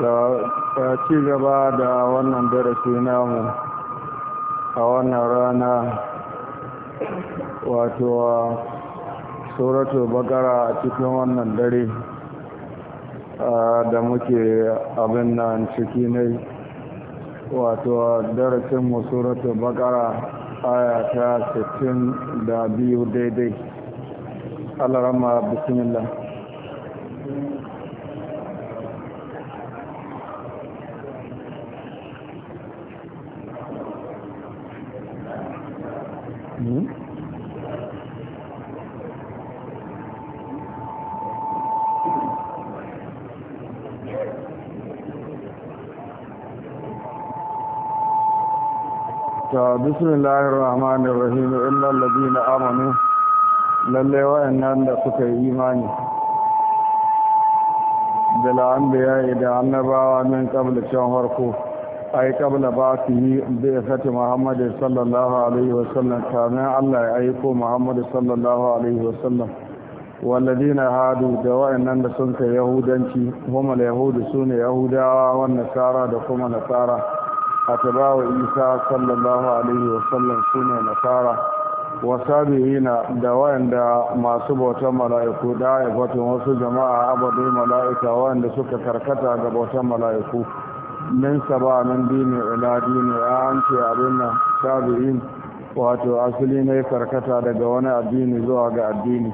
da ci gaba da wannan darasi namu a wannan rana wato tsoratu bakara a cikin wannan dare da muke abin nan ciki ne wato darasinmu suratul bakara aya ta biyu daidai alarama bismillah بسم الله الرحمن الرحيم إلا الذين آمنوا للي وإنان لسك إيماني بالأنبياء إذا النبا من قبل شهركو أي قبل بعثه بإخة محمد صلى الله عليه وسلم كان الله أيكو محمد صلى الله عليه وسلم والذين هادوا دواء أن لسنك يهودانك هم اليهود سون يهودا والنصارى دكما نصارى atabawa isa sallallahu alaihi wasallam su ne nasara Wa wasabihina da wayanda masu bautan mala'iku da haifatun wasu jama'a abadu mala'ika wayanda suka karkata ga bautan mala'iku min saba min dini ila dini a an ce abin nan sabi'in wato asali ne karkata daga wani addini zuwa ga addini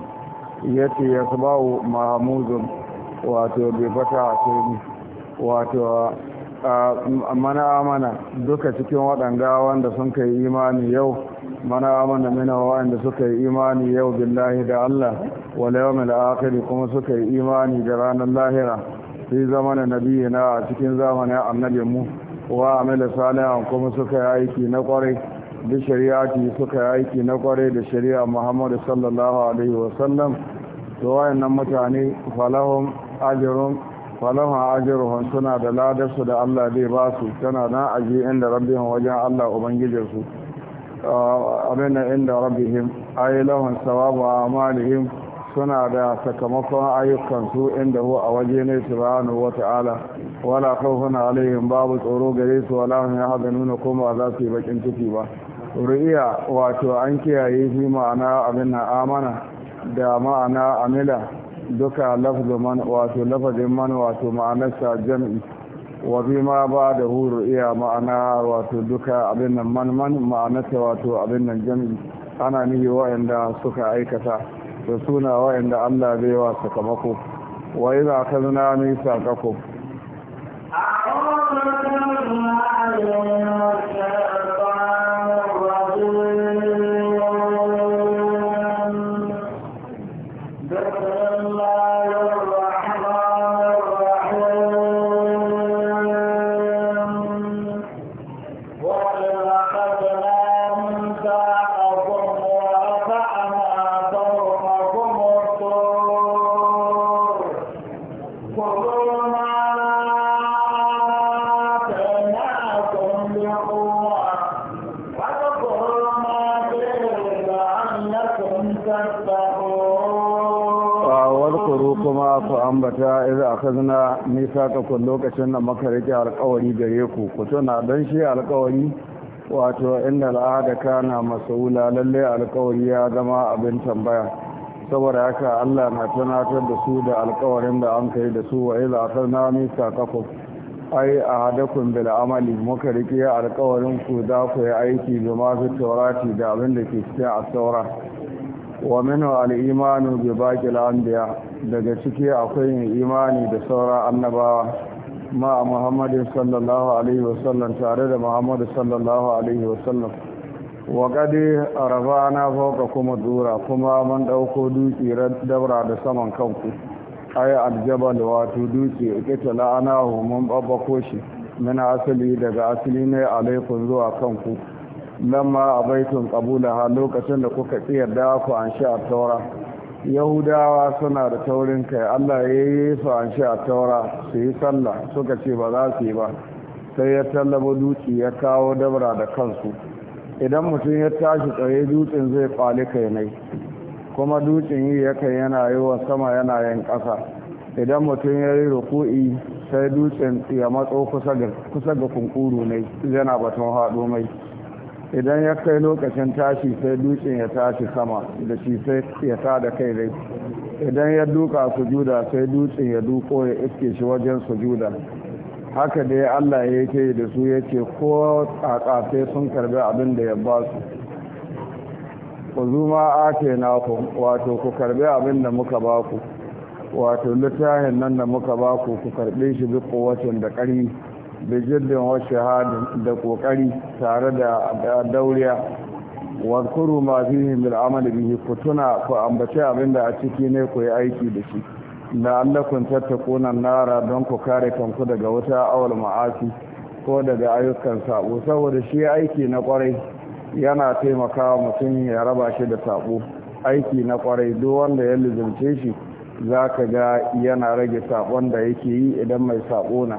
yace ya sabawu mahamuzun wato bai fata a wato mana amana duka cikin waɗanga wanda sun kai imani yau mana amana mina waɗanda suka yi imani yau billahi da Allah wala yawmil akhir kuma suka yi imani da ranar lahira fi zamanin na a cikin zamanin annabin mu wa amila salihan kuma suka yi aiki na kwarai da shari'ati suka yi aiki na kwarai da shari'a Muhammadu sallallahu alaihi wa sallam to wayannan mutane falahum ajrun falama ajruhum suna da ladarsu da Allah zai ba su tana na aji inda rabbihim wajen Allah ubangijinsu abin inda rabbihim ay lahum sawabu a'malihim suna da sakamakon ayyukansu inda hu a waje ne subhanahu wata'ala wala khawfun alaihim babu tsoro gare su wala hum yahzanuna kuma ba za su yi bakin ciki ba ru'iya wato an kiyaye shi ma'ana abin amana da ma'ana amila duka lafazin man wato lafazin man wato ma'anarsa jam'i wa bi ma ba da huru iya ma'ana wato duka abin nan man man ma'anarsa wato abin nan jam'i ana nihi wa'anda suka aikata da suna wa'anda Allah zai wa sakamako wa idza akhadna mithaqakum a'udhu billahi minash shaitanir rajim akhazna misaqakum lokacin da muka rike alƙawari gare ku ku tuna dan shi alƙawari wato inna al'ada kana mas'ula lalle alƙawari ya zama abin tambaya saboda haka Allah na tunatar da su da alƙawarin da an kai da su wa idza akhazna ku ai ahadakum bil amali muka rike alƙawarin ku za ku yi aiki da ma taurati da abin da ke cikin at wa minhu al-imanu bi baqil anbiya daga ciki akwai imani da sauran annabawa ma muhammadin sallallahu alaihi wa sallam tare da muhammadu sallallahu alaihi wa sallam. wa kadi arabana fawqa kuma dura kuma mun dauko duki dabra da saman kanku ay aljabal wato duki ita la'anahu mun babbako shi muna asali daga asali ne alaikum zuwa kanku Nan ma a lamma Kabula, a lokacin da kuka da ku an a taura yahudawa suna da taurin kai Allah ya yi su an sha taura su yi sallah suka ce ba za su yi ba sai ya tallabo duki ya kawo dabra da kansu idan mutum ya tashi tsaye dutsen zai kwali kai mai kuma dutsen yi yakan yana yi wa sama yana yin ƙasa idan mutum ya yi ruku'i sai dutsen ya matso kusa ga kunkuru ne yana batun haɗo mai idan ya kai lokacin tashi sai dutsen ya tashi sama da shi sai ya tada kai rai idan ya duka sujuda sai dutsen ya duko ya iske shi wajen sujuda haka dai Allah ya yi da su ya ce ko tsaka sai sun karbi abin da ya ba su ku zuma ake na ku wato ku karbi abin da muka ba ku wato littafin nan da muka ba ku ku karbe shi duk kowacin da ƙarni da jirgin wasu da kokari tare da dauriya wadkuru ma fihi bil amali bihi ku tuna ku ambace abin a ciki ne ku yi aiki da shi da allakun tattakuna nara don ku kare kanku daga wuta awal ma'asi ko daga ayyukan sabo saboda shi aiki na kwarai yana taimakawa mutum ya raba shi da sabo aiki na kwarai duk wanda ya lizumce shi za ka ga yana rage sabon da yake yi idan mai sabo na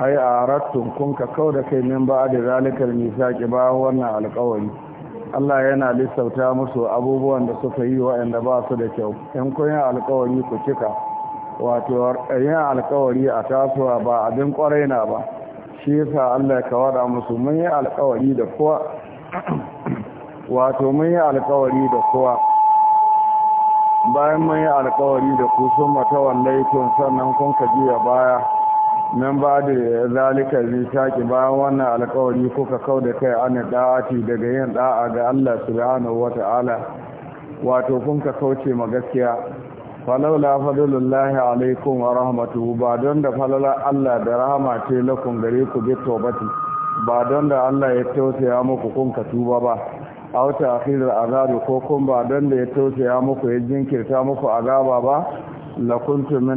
ai a rattun kun ka kau da kai min ba da zalikar misaki ba wannan alkawari Allah yana lissauta musu abubuwan da suka yi wa inda ba su da kyau in kun yi alkawari ku cika wato yin alkawari a tasowa ba abin kwarai na ba shi yasa Allah ya kawada musu mun yi alkawari da kowa wato mun yi alkawari da kowa bayan mun yi alkawari da ku sun mata wallahi sannan kun ka ya baya min ba da zalika zai bayan wannan alkawari kuka kau da kai an da'ati daga yin da'a ga Allah subhanahu wata'ala wato kun ka kauce ma gaskiya falaula fadlullahi alaikum wa rahmatuhu ba don da falala Allah da rahama ce lakum gare ku bi tawbati ba don da Allah ya tausaya muku kun ka tuba ba auta akhirul azabi ko kun ba don da ya tausaya muku ya jinkirta muku azaba ba lakuntu mina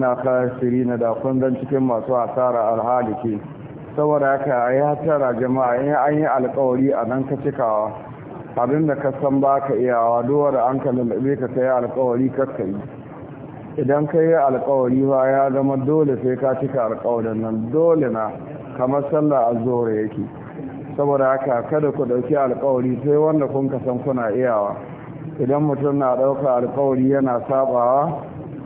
na da kun dan cikin masu asara alhaliki saboda haka ai tara jama'a in an yi alkawari a nan ka cikawa abin da ka san ba ka iyawa duwar an ka lalabe ka sai alkawari kakka yi idan ka yi alkawari ba ya zama dole sai ka cika alkawarin nan dole na kamar sallah azhar yake saboda haka kada ku dauki alkawari sai wanda kun ka san kuna iyawa idan mutum na dauka alkawari yana sabawa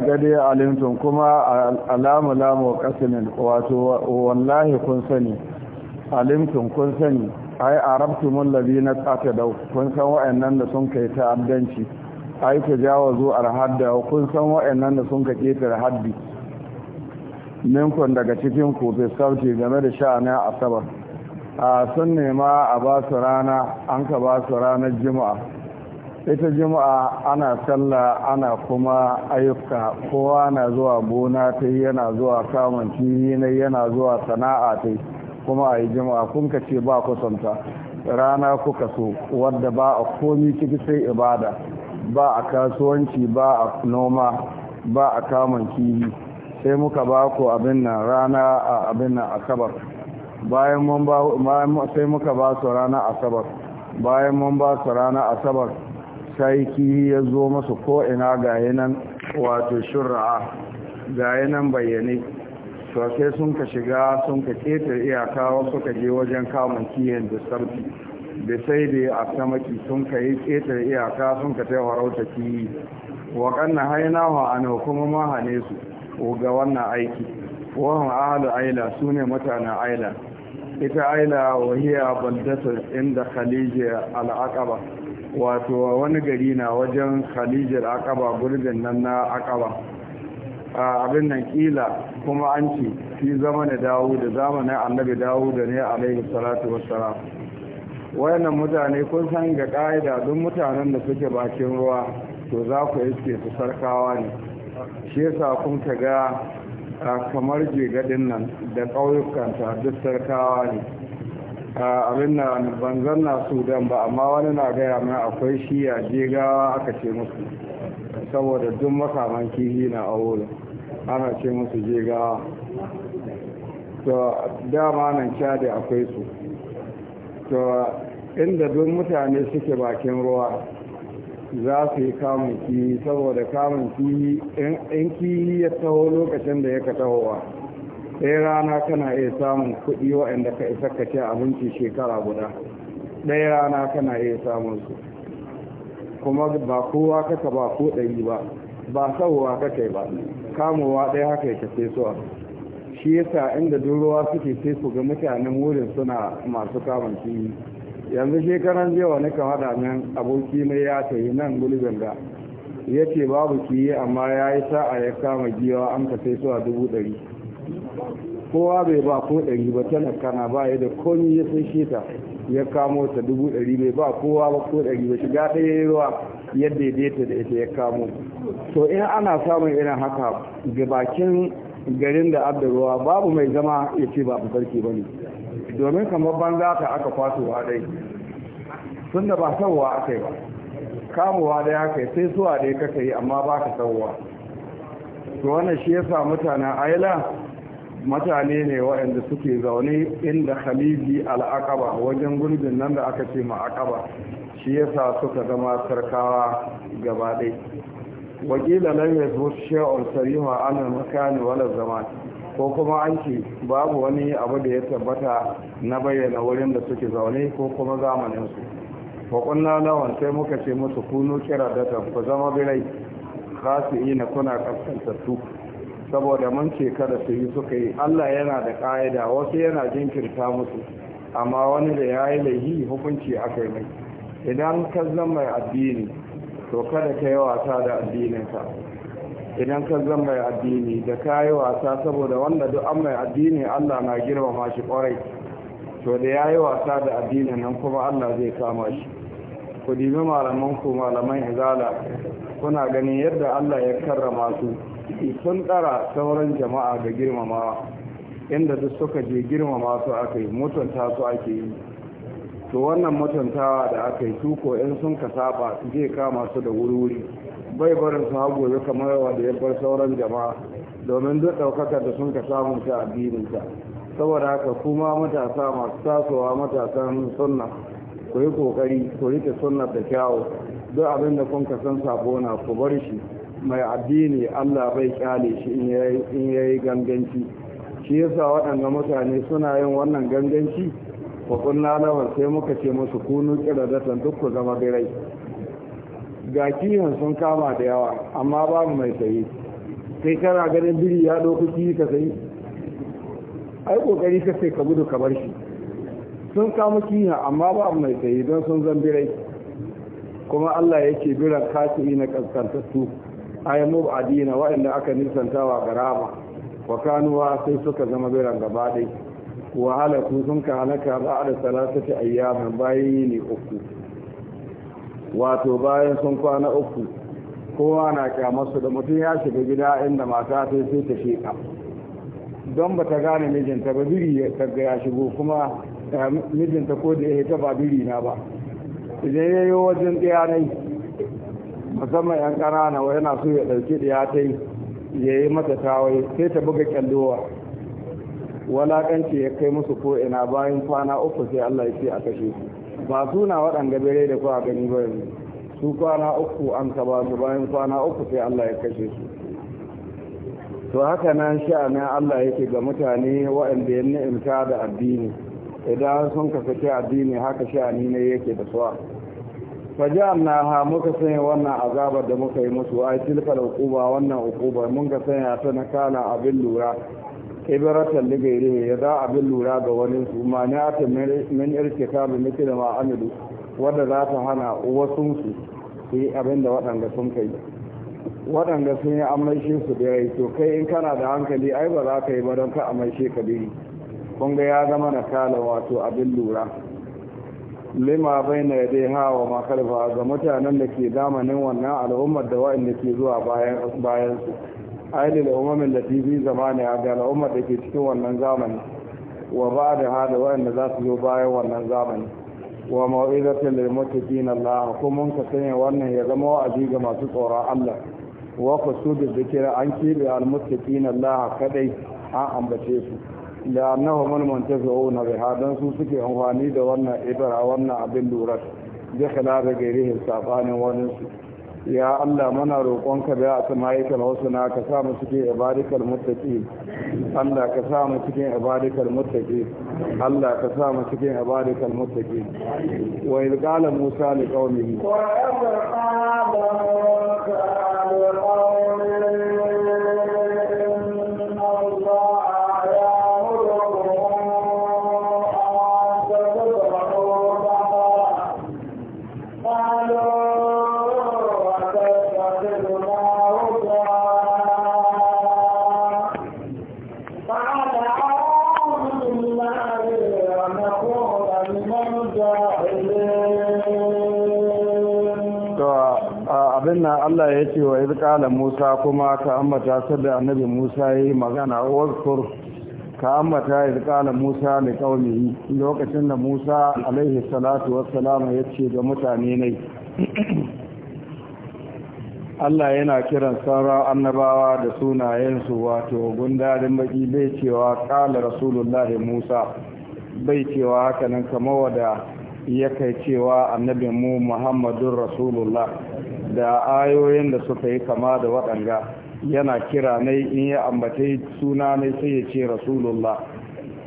dai, alimtum kuma alamu lamu kasimin wato wallahi kun sani alimtum kun sani ai arabtumul ladina tatadau kun san nan da sun kai ta abdanci ai tajawazu arhadda kun san nan da sun kai ketar haddi kun daga cikin ku bai sauke game da a asabar a sun nema a ba su rana an ka ba su ranar juma'a ita juma'a ana sallah ana kuma ayyuka kowa na zuwa gona ta yana zuwa kamun kiri na yana zuwa sana'a ta kuma a yi juma'a kun ka ce ba kusanta rana kuka so wadda ba a komi ciki sai ibada ba a kasuwanci ba a noma ba a kamun kihi sai muka ba ku abin nan rana a abin nan asabar bayan mun ba sai su rana asabar bayan mun ba su rana asabar yi ya zo masu ko'ina ga yanan wato shura'a ga yanan bayyane sosai sun ka shiga sun ka ketar iyaka wasu ka je wajen kamun kiyon da sarfi da sai da a samaki sun ka yi ketar iyaka sun ka ta warauta kiyi waƙanna haina wa ana kuma mahane su ga wannan aiki wahan ahalu aila su ne mutanen aila ita aila wahiya baldatar inda khalijiyar al'aqaba wato wani gari na wajen khalijar akaba gurbin nan na akaba abin nan kila kuma an ce fi zama na dawo da zamanin annabi dawo da ne alaihi salatu wassalam wayannan mutane kun san ga ƙa'ida duk mutanen da suke bakin ruwa to za ku iske su sarkawa ne shi yasa kun ka ga kamar jegadin nan da ƙauyukanta duk sarkawa ne abin na banzan na sudan ba amma wani na gaya mai akwai shi a jegawa aka ce musu saboda duk makaman kihi na aure ana ce musu jegawa to dama nan cadi akwai su to inda duk mutane suke bakin ruwa za su yi kamun kihi saboda kamun kihi in kihi ya taho lokacin da ya ka tahowa ɗaya rana kana iya samun kuɗi waɗanda ka isa ka ci abinci shekara guda ɗaya rana kana iya samun su kuma ba kowa kaka ba ko ɗari ba ba sauwa kake ba kamowa ɗaya haka ya tafe suwa shi yasa inda durowa suke sai su ga mutanen wurin suna masu kamun kiyi yanzu shekaran jiya wani hada haɗa min aboki mai ya tafi nan gulbin ga ya ce babu kiyi amma ya yi sa'a ya kama giwa an ka suwa dubu ɗari kowa bai ba ko ɗari ba tana na ba ya da komi ya sun shi ya kamo ta dubu ɗari bai ba kowa ba ko ɗari ba shiga ɗaya ya ruwa ya daidaita da ita ya kamo to in ana samun irin haka ga bakin garin da abda ruwa babu mai zama ya ce ba sarki ba ne domin kamar banza ta aka wa dai tun da ba sauwa aka yi ba kamowa dai kai sai suwa dai kaka yi amma ba ka sauwa to wannan shi yasa mutanen aila mutane ne waɗanda suke zaune inda khaliji al'aqaba wajen gurbin nan da aka ce ma aqaba shi yasa suka zama sarkawa gaba ɗai wakila lam yasbu shay'un sarima an al-makan wala zaman ko kuma an ce babu wani abu da ya tabbata na bayyana wurin da suke zaune ko kuma zamanin su wa kunna lawan sai muka ce musu kunu kira da ku zama birai khasi'ina kuna kaskantattu saboda mun ce kada su yi suka yi Allah yana da ka'ida wasu yana jinkirta musu amma wani da ya yi laihi hukunci a kai mai idan ka zama addini to kada ka yi wasa da addininka idan ka zama mai addini da ka yi wasa saboda wanda duk an mai addini Allah na girmama shi kwarai to da ya yi wasa da addinin nan kuma Allah zai kama shi ku dibi malaman ku malaman izala kuna ganin yadda Allah ya karrama su sun tsara sauran jama'a ga girmama inda duk suka je girmama su aka yi mutunta su ake yi to wannan mutuntawa da aka yi tuko in sun ka saba zai kama su da wuri-wuri bai barin su hagu ya kamar yawa da ya bar sauran jama'a domin duk ɗaukakar da sun ka samun ta addininta saboda haka kuma matasa masu tasowa matasan sunna ku yi ƙoƙari ku rike da kyawu duk abin da kun ka san sabo na ku bar shi mai addini Allah bai kyale shi in ya yi ganganci shi yasa waɗanda mutane suna yin wannan ganganci wa kunna sai muka ce musu kunu kiradatan duk ku zama birai ga sun kama da yawa amma babu mai sayi kai kana ganin biri ya ɗauki kiyi ka sayi ai kokari ka sai ka gudu ka bar shi sun kama kiyon amma babu mai tsaye don sun zan birai kuma Allah yake biran kafiri na kaskantattu mu mubadina wa'anda aka wa garama wa kanuwa sai suka zama biran gaba dai wa halaku sun ka halaka ba'da salatati ayyamin bayan ne uku wato bayan sun kwana uku kowa na kyamarsu da mutum ya shiga gida inda mata sai sai ta sheka don ba ta gane mijinta ba biri ta ga ya shigo kuma eh, mijinta ko da ya ta ba biri na ba idan ya yi wajen ɗaya musamman yan ƙanana wa yana so ya ɗauki ɗiya ta yi ya yi mata tawai sai ta buga kyalluwa walaƙanci ya kai musu ko ina bayan kwana uku sai Allah ya ce a kashe su ba suna waɗanda bere da kuwa gani ba yanzu su kwana uku an ka ba su bayan kwana uku sai Allah ya kashe su to haka nan sha'anin Allah yake ga mutane waɗanda ya ni'imta da addini idan sun kasance addini haka sha'ani ne yake da suwa fajalnaha muka sanya wannan azabar da muka yi musu ai tilkal uquba wannan uquba mun ga sanya ta na kana abin lura ibratan da iri ya za abin lura ga wani su ma na ta min irtika bi mithla ma amilu wanda za ta hana wasu su su yi abin da waɗanda sun kai waɗanda sun yi amaishe su da yayi to kai in kana da hankali ai ba za ka yi ba don ka amaishe ka biri kun ga ya zama na kala wato abin lura lima ya yadaiha wa ma khalfaha ga mutanen da ke zamanin wannan al'ummar da da ke zuwa bayan su, su da umarmin da TV zamani a ga al'ummar da ke cikin wannan zamani wa ba da hada da za su zo bayan wannan zamani wa mau'izatin lil muttaqin Allah kuma mun ka sanya wannan ya zama wa'azi ga masu tsoron Allah wa da zikira an kibi al muttaqin Allah kadai an ambace su da annahu man na biha dan su suke amfani da wannan a wannan abin lura da khilafa gairihi sabanin wani su ya Allah muna ka da asma'ikal husna ka sa mu cikin ibadikal muttaqin Allah ka sa mu cikin ibadikal muttaqin Allah ka sa mu cikin ibadikal muttaqin wa idh qala Musa li qaumihi wa qala qaumihi Allah ya ce wa izkala Musa kuma ka ambata sadda annabi Musa yi magana wazkur ka ambata izkala Musa da kaumihi lokacin da Musa alaihi salatu wassalam ya ce ga mutane ne Allah yana kiran sauran annabawa da sunayensu wato da baki bai cewa kala rasulullahi Musa bai cewa hakanan kamar wada ya kai cewa annabin mu Muhammadun Rasulullah da ayoyin da suka yi kama da waɗanga yana kira ne in ya ambace suna ne sai ya ce rasulullah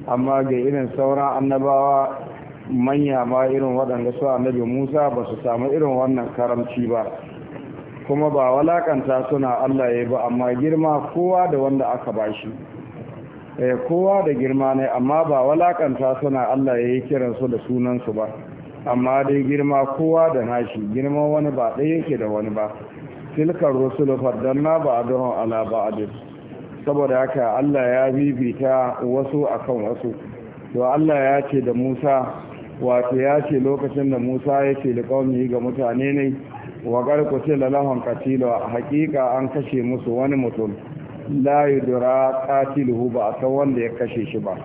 amma ga irin sauran annabawa manya ma irin waɗanda su annabi musa ba su samu irin wannan karamci ba kuma ba walakanta suna allah ya ba amma girma kowa da wanda aka bashi eh, kowa da girma ne amma ba walakanta suna allah ya yi kiransu da sunansu ba amma dai girma kowa da nashi girma wani ba ɗaya yake da wani ba tilkar rusul faddanna ba a don ala ba saboda haka Allah ya bibita wasu akan wasu to Allah ya ce da Musa wato ya ce lokacin da Musa ya ce da ga mutane ne wa garku ce da lahon a hakika an kashe musu wani mutum la yudra katilu ba a san wanda ya kashe shi ba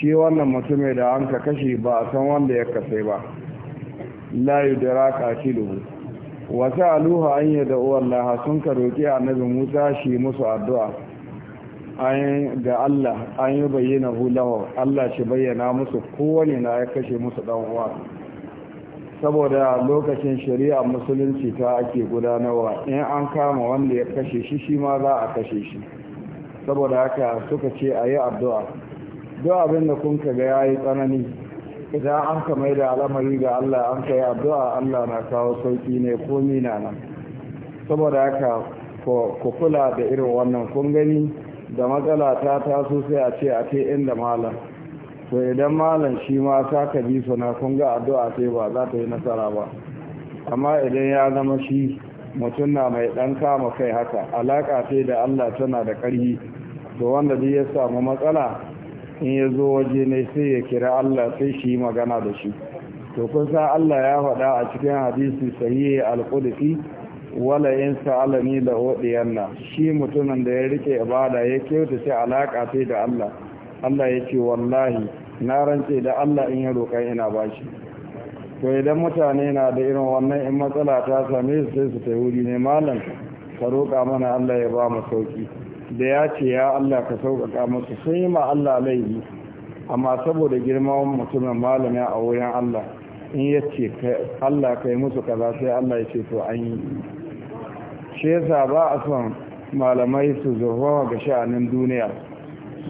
shi wannan mutumin da an ka kashe ba a san wanda ya kasai ba la yudra qatiluhu wa sa'aluha an yad'u Allah sun ka roki annabi Musa shi musu addu'a an ga Allah an yi bayyana hulawar, Allah shi bayyana musu kowane na ya kashe musu dan uwa saboda lokacin shari'a musulunci ta ake gudanarwa in an kama wanda ya kashe shi shi ma za a kashe shi saboda haka suka ce a yi addu'a duk abin da kun ka ga ya yi tsanani idan an ka mai da al'amari ga Allah an ka yi addu'a Allah na kawo sauki ne ko mina nan saboda haka ku kula da irin wannan kun gani da matsala ta taso sai a ce a ce inda malam to idan malam shi ma ta ka bi suna kun ga addu'a sai ba za ta yi nasara ba amma idan ya zama shi mutum na mai ɗan kama kai haka alaƙa sai da Allah tana da ƙarfi to wanda duk ya samu matsala in ya zo waje ne sai ya kira Allah sai shi yi magana da shi to kun Allah ya faɗa a cikin hadisi sahihi al-qudsi wala in sa'alani la wadiyanna shi mutumin da ya rike ibada ya kyauta sai alaka sai da Allah Allah ya ce wallahi na rance da Allah in ya roƙa ina bashi to idan mutane na da irin wannan in matsala ta same su sai su tayi wuri ne malam ka roƙa mana Allah ya ba mu sauki da ya ce ya Allah ka sauƙaƙa masu sai ma Allah laifi amma saboda girman mutumin malami a wurin Allah in ya ce Allah ka yi musu kaza sai Allah ya ce to an yi shi yasa ba a son malamai su wa ga sha'anin duniya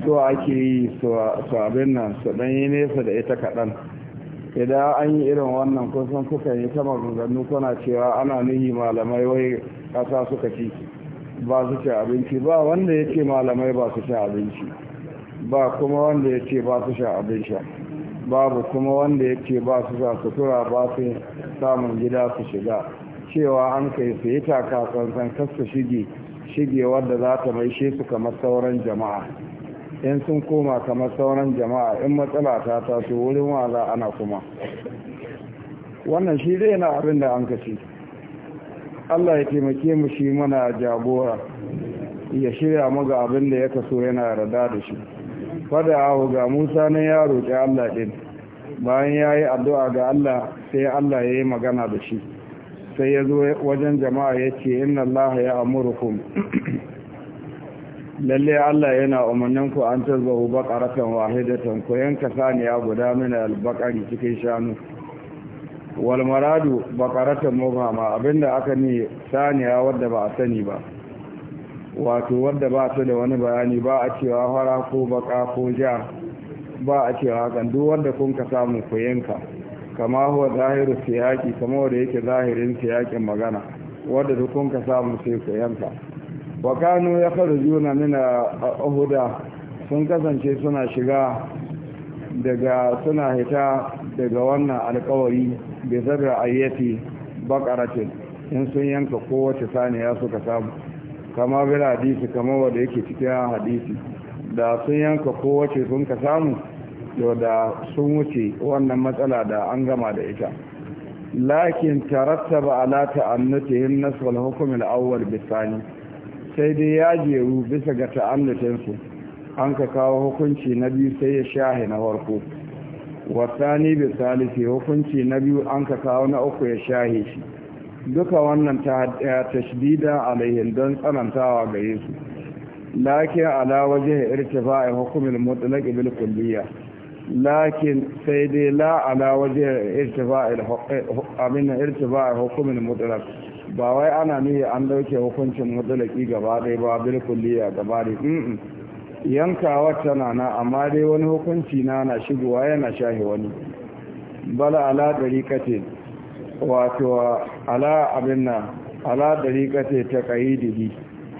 so ake yi su abin nan su ɗan yi nesa da ita kaɗan idan an yi irin wannan kusan kuka yi ta magungannu kuna cewa ana nuhi malamai wai ƙasa suka ciki ba su ci abinci ba wanda ya ce malamai ba su ci abinci ba kuma wanda ya ce ba su sha abinci, babu kuma wanda ya ce ba su sa sutura ba su samun gida su shiga cewa an kai su yi taka tsantsan kar su shige shige wadda za ta maishe su kamar sauran jama'a in sun koma kamar sauran jama'a in matsala ta taso wurin za ana kuma wannan shi zai na abin da an kaci Allah ya taimake mu shi mana jagora ya shirya maga abin da ya kaso yana rada da shi fada ga Musa na ya roƙi Allah din bayan ya yi addu'a ga Allah sai Allah ya yi magana da shi sai ya zo wajen jama'a ya ce inna Allah ya amurukum lalle Allah yana umarnin ku an tarzahu baqaratan wahidatan ku yanka saniya guda mina albakari cikin shanu wal maradu baqaratan mubhama abinda aka ne saniya wadda ba a sani ba wato wadda ba su da wani bayani ba a cewa fara ko baka ko ja ba a cewa hakan duk wanda kun ka samu ku yanka kama huwa zahiru siyaki kama wanda yake zahirin siyakin magana wadda duk kun ka samu sai ku yanka wa kanu ya kharujuna min ahuda sun kasance suna shiga daga suna hita daga wannan alkawari bi zarra ayyati baqaratin in sun yanka kowace saniya suka samu kama bil hadisi kama wanda yake cikin hadisi da sun yanka kowace sun ka samu to da sun wuce wannan matsala da an gama da ita lakin tarattaba ala ta'annutihim nasb al-hukm al-awwal bisani sai dai ya jeru bisa ga ta'annutin su an ka kawo hukunci na biyu sai ya shahi na farko wasani bi salisi hukunci na biyu an ka kawo na uku ya shahe shi duka wannan ta tashdida alaihim don tsanantawa ga Yesu? lakin ala waje a hukumin mutlaq bil kulliyya lakin sai dai la ala waje irtifa'i abin a hukumin mutlaq ba wai ana niyya an dauke hukuncin mutlaqi gaba ɗaya ba bil kulliyya gaba ɗaya yankawa tana na amma dai wani hukunci na na shigowa yana shahi wani bala ala ce, wato ala abin nan ala ce ta ƙayyidi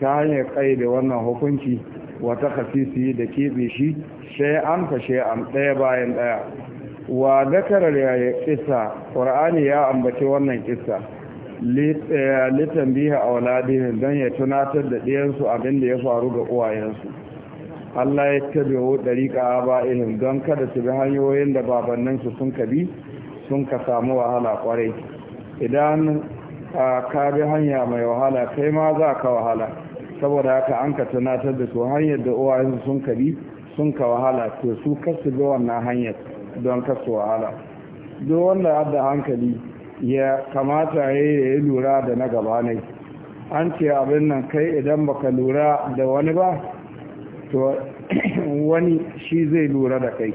ta hanyar da wannan hukunci wata kasisi da keɓe shi an fashe an ɗaya bayan ɗaya wa zakarar ya kisa ƙur'ani ya ambaci wannan ƙisa litan eh, biya a waladinin don ya tunatar da ɗiyansu abin da ya faru ga uwayensu Allah ya tabe wa dariƙa ba ilim don kada su bi hanyoyin da su sun kabi sun ka samu wahala kwarai idan ka bi hanya mai wahala kai ma za ka wahala saboda haka an ka tunatar da su hanyar da uwayensu sun kabi sun ka wahala to su kasu bi wannan hanyar don kasu wahala duk wanda adda hankali ya kamata ya yi lura da na gaba ne an ce abin nan kai idan baka lura da wani ba to wani shi zai lura da kai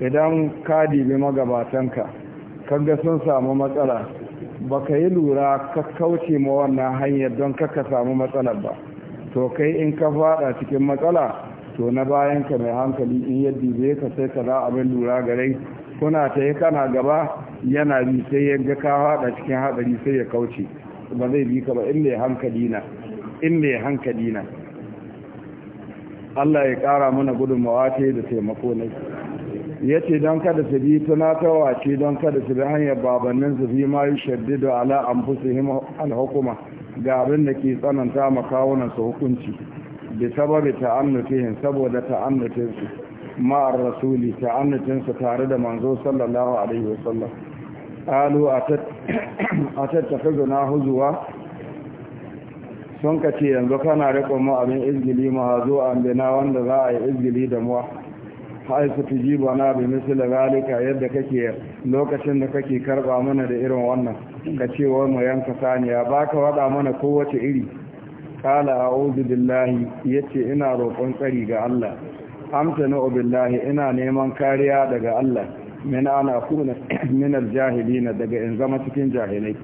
idan ka dibi magabatanka kaga sun samu matsala ba ka yi lura ka kauce ma wannan hanyar don ka samu matsalar ba to kai in ka fada cikin matsala to na bayan ka mai hankali in yadda zai ka sai ka za abin lura gare kuna ta yi kana gaba yana bi sai ya ga ka fada cikin hadari sai ya kauce ba zai bi ka ba in mai hankali na Allah ya ƙara mana gudunmawa ta da taimako ne ya ce don kada su bi tunatarwa ce don kada su bi hanyar babannin su fi ma yi shaddido ala an fusuhim alhukuma ga abin da ke tsananta makawunan su hukunci da sababi ta'annutihin saboda ta'annutinsu ma'ar rasuli ta'annutinsu tare da manzo sallallahu alaihi wasallam a atat atattakhizuna huzuwa sun ka ce yanzu kana rikon mu abin izgili ma zo an bina wanda za a yi izgili da mu Hai su fi jiba na bi misali galika yadda kake lokacin da kake karba mana da irin wannan ka ce wai mu yanka saniya Ba ka wada mana kowace iri kala a ozu billahi ce ina roƙon tsari ga Allah na obillahi ina neman kariya daga Allah min ana kuna min aljahilina daga in zama cikin jahilai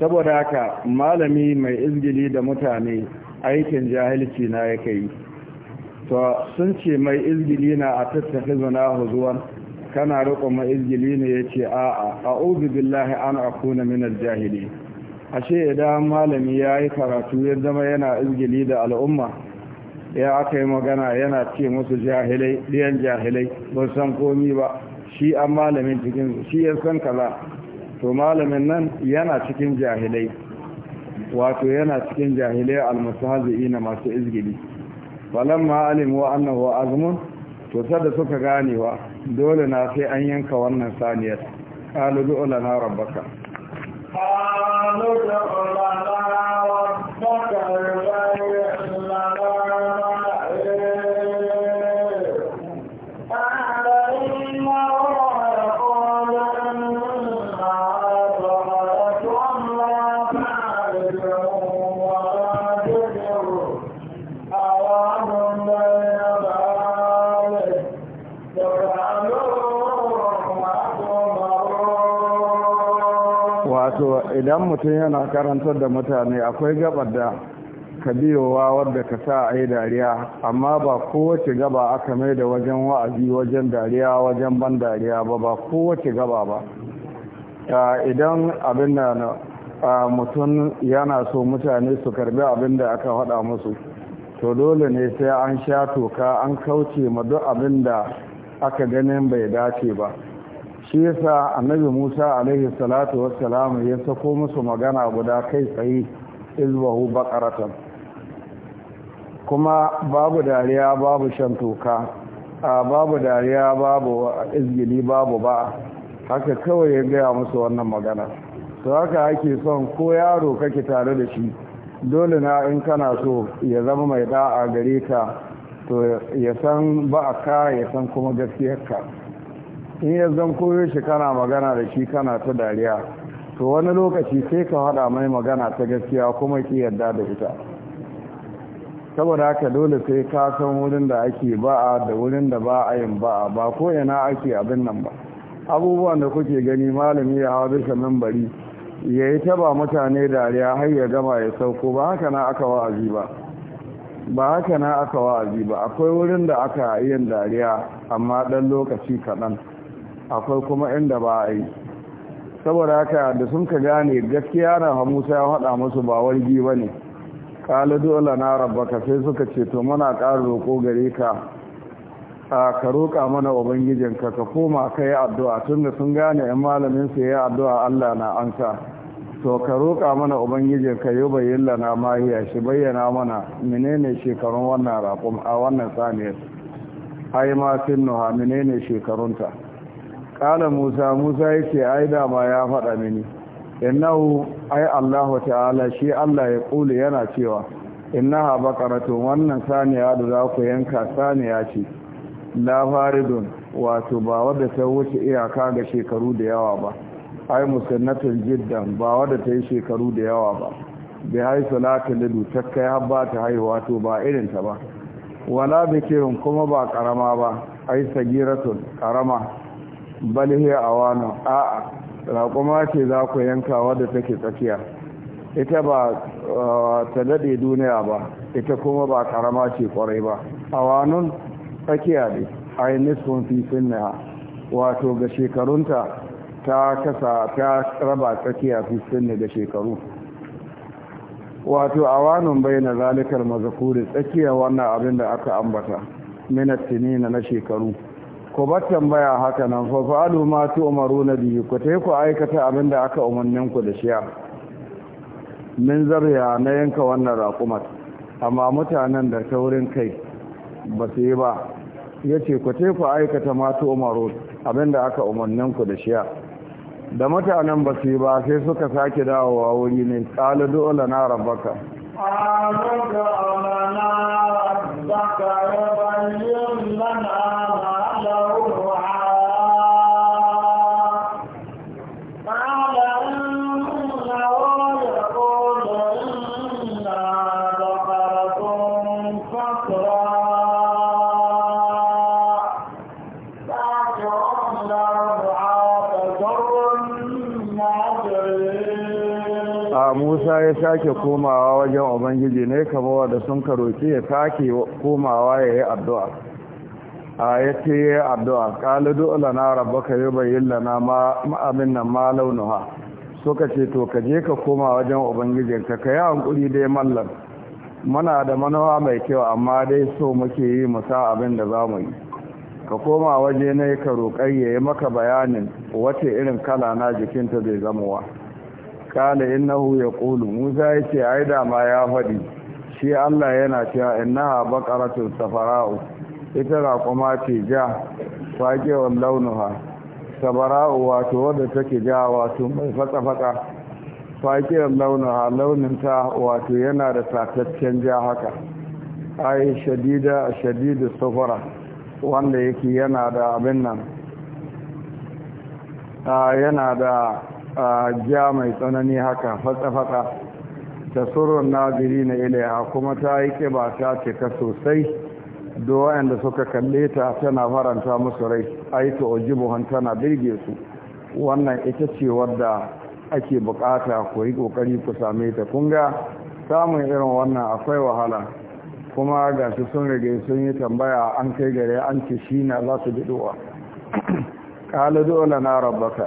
saboda haka malami mai izgili da mutane aikin jahilci na yake yi to sun ce mai izgili na a tattafi zuna huzuwan kana rikon mai izgili ne ya ce a'a a'udhu billahi an akuna minal jahili ashe idan malami ya yi karatu ya zama yana izgili da al'umma ya aka yi magana yana ce musu jahilai ɗiyan jahilai ba san komi ba shi an malamin cikin shi ya san kaza to malamin nan yana cikin jahilai wato yana cikin jahilai almustahzi'i na masu izgili falamma alimu annahu azmun to sada suka ganewa dole na sai an yanka wannan saniyar qalu du'a lana rabbaka wato idan mutum yana karantar da mutane akwai gabar da ka biyowa wadda ka sa a yi dariya amma ba kowace gaba aka mai da wajen wa'azi wajen dariya wajen ban dariya ba ba kowace gaba ba idan abin da mutum yana so mutane su karbi abin da aka hada musu to dole ne sai an sha toka an kauce ma duk abin da aka ganin bai dace ba shi yasa annabi musa alaihi salatu wassalam ya sako musu magana guda kai tsaye izbahu baqaratan kuma babu dariya babu shan toka babu dariya babu izgili babu ba haka kawai ya gaya musu wannan magana to haka ake son ko yaro kake tare da shi dole na in kana so ya zama mai da'a gare ka to ya san ka ya san kuma gaskiyar ka. in ya zan koyo shi kana magana da shi kana ta dariya to wani lokaci sai ka haɗa mai magana ta gaskiya kuma ki yarda da ita saboda haka dole sai ka san wurin da ake ba'a da wurin da ba a yin ba'a ba ko ina ake abin nan ba abubuwan da kuke gani malami ya hawa bisa bari ya yi taba mutane dariya har ya gama ya sauko ba haka na aka wa'azi ba ba haka na aka wa'azi ba akwai wurin da aka yin dariya amma ɗan lokaci kaɗan akwai kuma inda ba a yi saboda haka da sun ka gane gaskiya na sai ya haɗa musu ba wargi ba ne ƙali dole na rabbaka sai suka ce to muna ƙara roƙo gare ka a ka roƙa mana ubangijinka ka koma ka yi addu'a tun da sun gane in malamin su yi addu'a allah na an ansa to ka roƙa mana ubangijinka yau bayyana lana mahiya shi bayyana mana menene shekarun wannan raƙum a wannan saniyar ai ma sinnuha menene shekarunta kala musa musa yake ai dama ya faɗa mini innahu ai allahu ta'ala shi allah ya kula yana cewa innaha baƙaratu wannan saniya da za ku yanka saniya ce la faridun wato ba wadda ta wuce iyaka ga shekaru da yawa ba ai musannatun jiddan ba wadda ta yi shekaru da yawa ba bi haisu latalidu ta kai Habba ta haihuwa to ba irin ta ba wala bikirun kuma ba karama ba ai sagiratun karama bal hiya awanu a'a raƙuma ce za ku yanka wadda take tsakiya ita ba eh, ta daɗe duniya ba ita kuma ba karama ce kwarai ba A wani tsakiya ne a yi nisfin fifin na wato ga shekarunta ta kasa ta raba tsakiya fifin ne ga shekaru wato awanun bai na zalikar mazakuri tsakiya wannan abin da aka ambata minat na shekaru ku bar tambaya haka nan fa fa'alu ma na bihi ku tayi ku aikata abin da aka umarnin ku da shi min zarya na yanka wannan raƙumar amma mutanen da taurin kai ba su yi ba yace ku tayi ku aikata ma tu'marun abin da aka umarnin ku da shi da mutanen ba su yi ba sai suka sake dawowa wuri ne qalu lana rabbaka لنا ما له ya sake komawa wajen ubangiji ne kama wadda sun karoki ya sake komawa ya yi addu'a a ya ce ya yi addu'a na lana rabaka yi bayin lana ma'amin nan ma launuha suka ce to ka je ka koma wajen ubangijin ka yi hankuli dai mallam muna da manawa mai kyau amma dai so muke yi musa abin da za mu yi ka koma waje ne ka roƙar ya yi maka bayanin wace irin kala na jikinta zai zamowa. kala innahu kulu musa ce ai da ma ya faɗi shi Allah yana cewa innaha baqaratun safara'u ita ga kuma ce ja faƙewar launuha safarau wato wadda take ja wato mai fatsa-fatsa faƙewar launuha launinta wato yana da tataccen ja haka ai shadida shadida safara wanda yake yana da abin nan yana da a ja mai tsanani haka fatsa-fatsa ta surun naziri na ilaiha kuma ta yi kiba ta cika sosai da suka kalle ta tana faranta musu rai aita ojibuhan tana birge su wannan ita ce wadda ake bukata ku yi kokari ku same ta kunga samun irin wannan akwai wahala kuma ga su sun rage sun yi tambaya an kai gare an ce shi na za su bidowa ƙalidu na rabbaka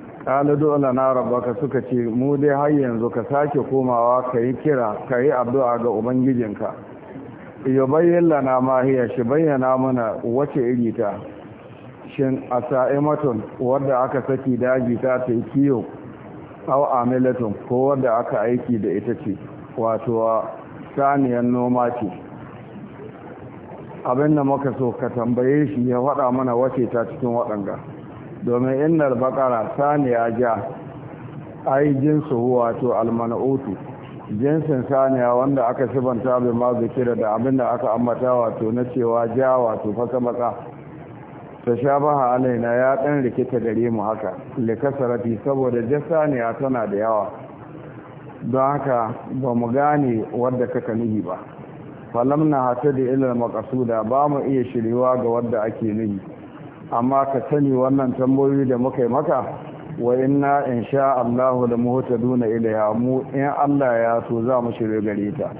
na lana ka suka ce mu dai har yanzu ka sake komawa ka yi kira ka yi addu'a ga ubangijinka ya bayyana lana mahiya shi bayyana mana wace iri ta shin a sa'imatun wadda aka saki daji ta ta yi kiyo au amilatun ko wadda aka aiki da ita ce wato saniyar noma ce abin da muka so ka tambaye shi ya faɗa mana wace ta cikin waɗanga domin innar bakara saniya ja ai jinsu wato almanautu jinsin saniya wanda aka sibanta bai ma zikira da abinda aka ambata wato na cewa ja wato fasa matsa ta sha baha alaina ya ɗan rikita gare mu haka likasarafi saboda ja saniya tana da yawa don haka ba mu gane wadda kaka nihi ba falamna na hata da ilil makasuda ba mu iya shiriwa ga wadda ake nihi amma ka sani wannan tambayoyi da muka yi maka wa inna in sha Allahu da duna ilaiha mu in Allah ya so za mu shirye gare ta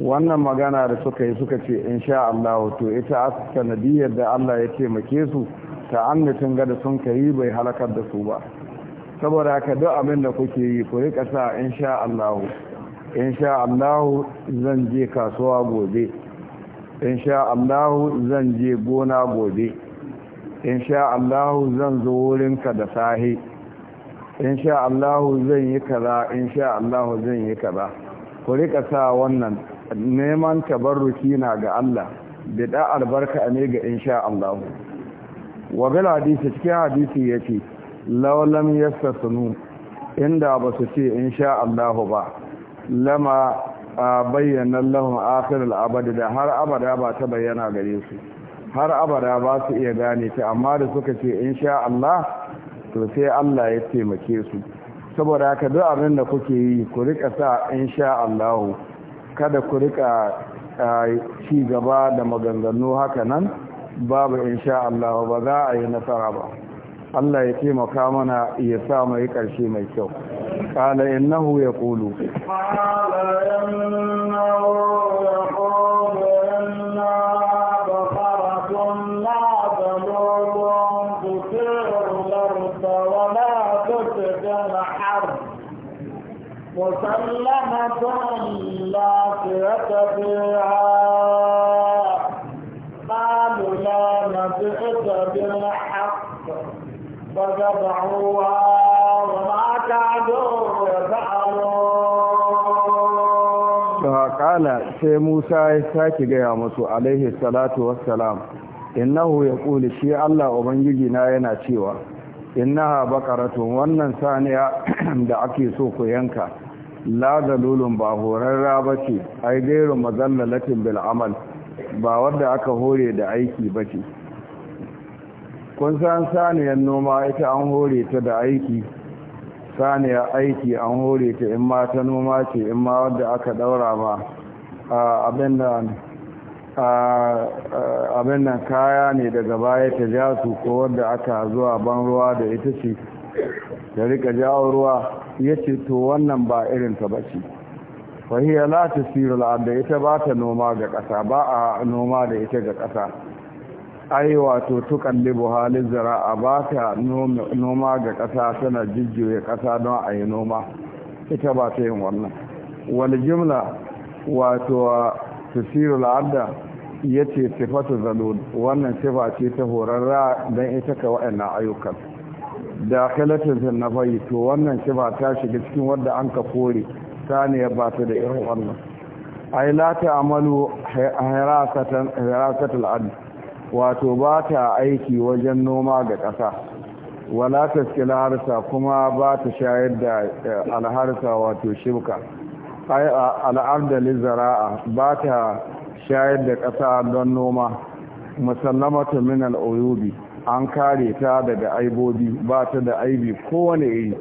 wannan magana da suka yi suka ce in sha Allahu to ita sanadiyar da Allah ya taimake su ta annatin da sun kai bai halakar da su ba saboda haka duk abin da kuke yi ku rika sa in sha Allahu in zan je kasuwa gobe in sha zan je gona gobe sha Allahu zan zo wurinka da sahi sha Allahu zan yi kaza sha Allahu zan yi kaza ku rika sa wannan neman tabarruki na ga Allah bida albarka ne ga sha Allahu wa bil hadisi cikin hadisi yace law lam yastasnu inda ba su ce insha Allahu ba lama bayyana lahum akhir al abadi da har abada ba ta bayyana gare su har abada ba su iya gane ta amma da suka ce insha Allah to sai Allah ya taimake su saboda haka duk abin da kuke yi ku rika sa insha Allah kada ku rika ci gaba da maganganu haka nan babu insha Allah ba za a yi nasara ba Allah ya taimaka mana ya sa mai karshe mai kyau قال إنه يقول قال إنه يقول لكم لا ذنوب الأرض ولا تفسد الحرب مسلمة لا فئة فيها قالوا لا نبئت بالحق وما كادوا يفعلون ta'ala sai musa ya sake gaya musu alaihi salatu wassalam innahu ya shi allah ubangiji na yana cewa innaha baqaratun wannan saniya da ake so ku yanka la dalulun ba horarra ba ai gairu mazallalatin bil amal ba wanda aka hore da aiki ba kun san saniyar noma ita an hore ta da aiki saniya aiki an hore ta in ma ta noma ce in ma wanda aka daura ba. abin nan kaya ne daga baya ta ja su ko wanda aka zuwa ban ruwa da ita ce da rika jawo ruwa ya ce to wannan ba irin ta bace fahiyya la ta sirul da ita ba ta noma ga ƙasa ba a noma da ita ga ƙasa ai wato libu halin a ba ta noma ga ƙasa tana jijjiwe ƙasa don a yi noma ita ba ta yin wannan wani jimla wato tasirul adda ya ce sifatu zalul wannan sifa ce ta horarra don ita ka waɗannan ayyukan da kalatin na bayi to wannan sifa ta shiga cikin wadda an ka kore ne ba ta da irin wannan ai la ta amalu hirasatul adda wato ba ta aiki wajen noma ga ƙasa wala ta harsa kuma ba ta shayar da eh, alharsa wato shibka al'arda lizara'a ba ta shayar da ƙasa don noma musallamatu min al'uyubi an kare ta daga aibobi ba ta da aibi kowane iri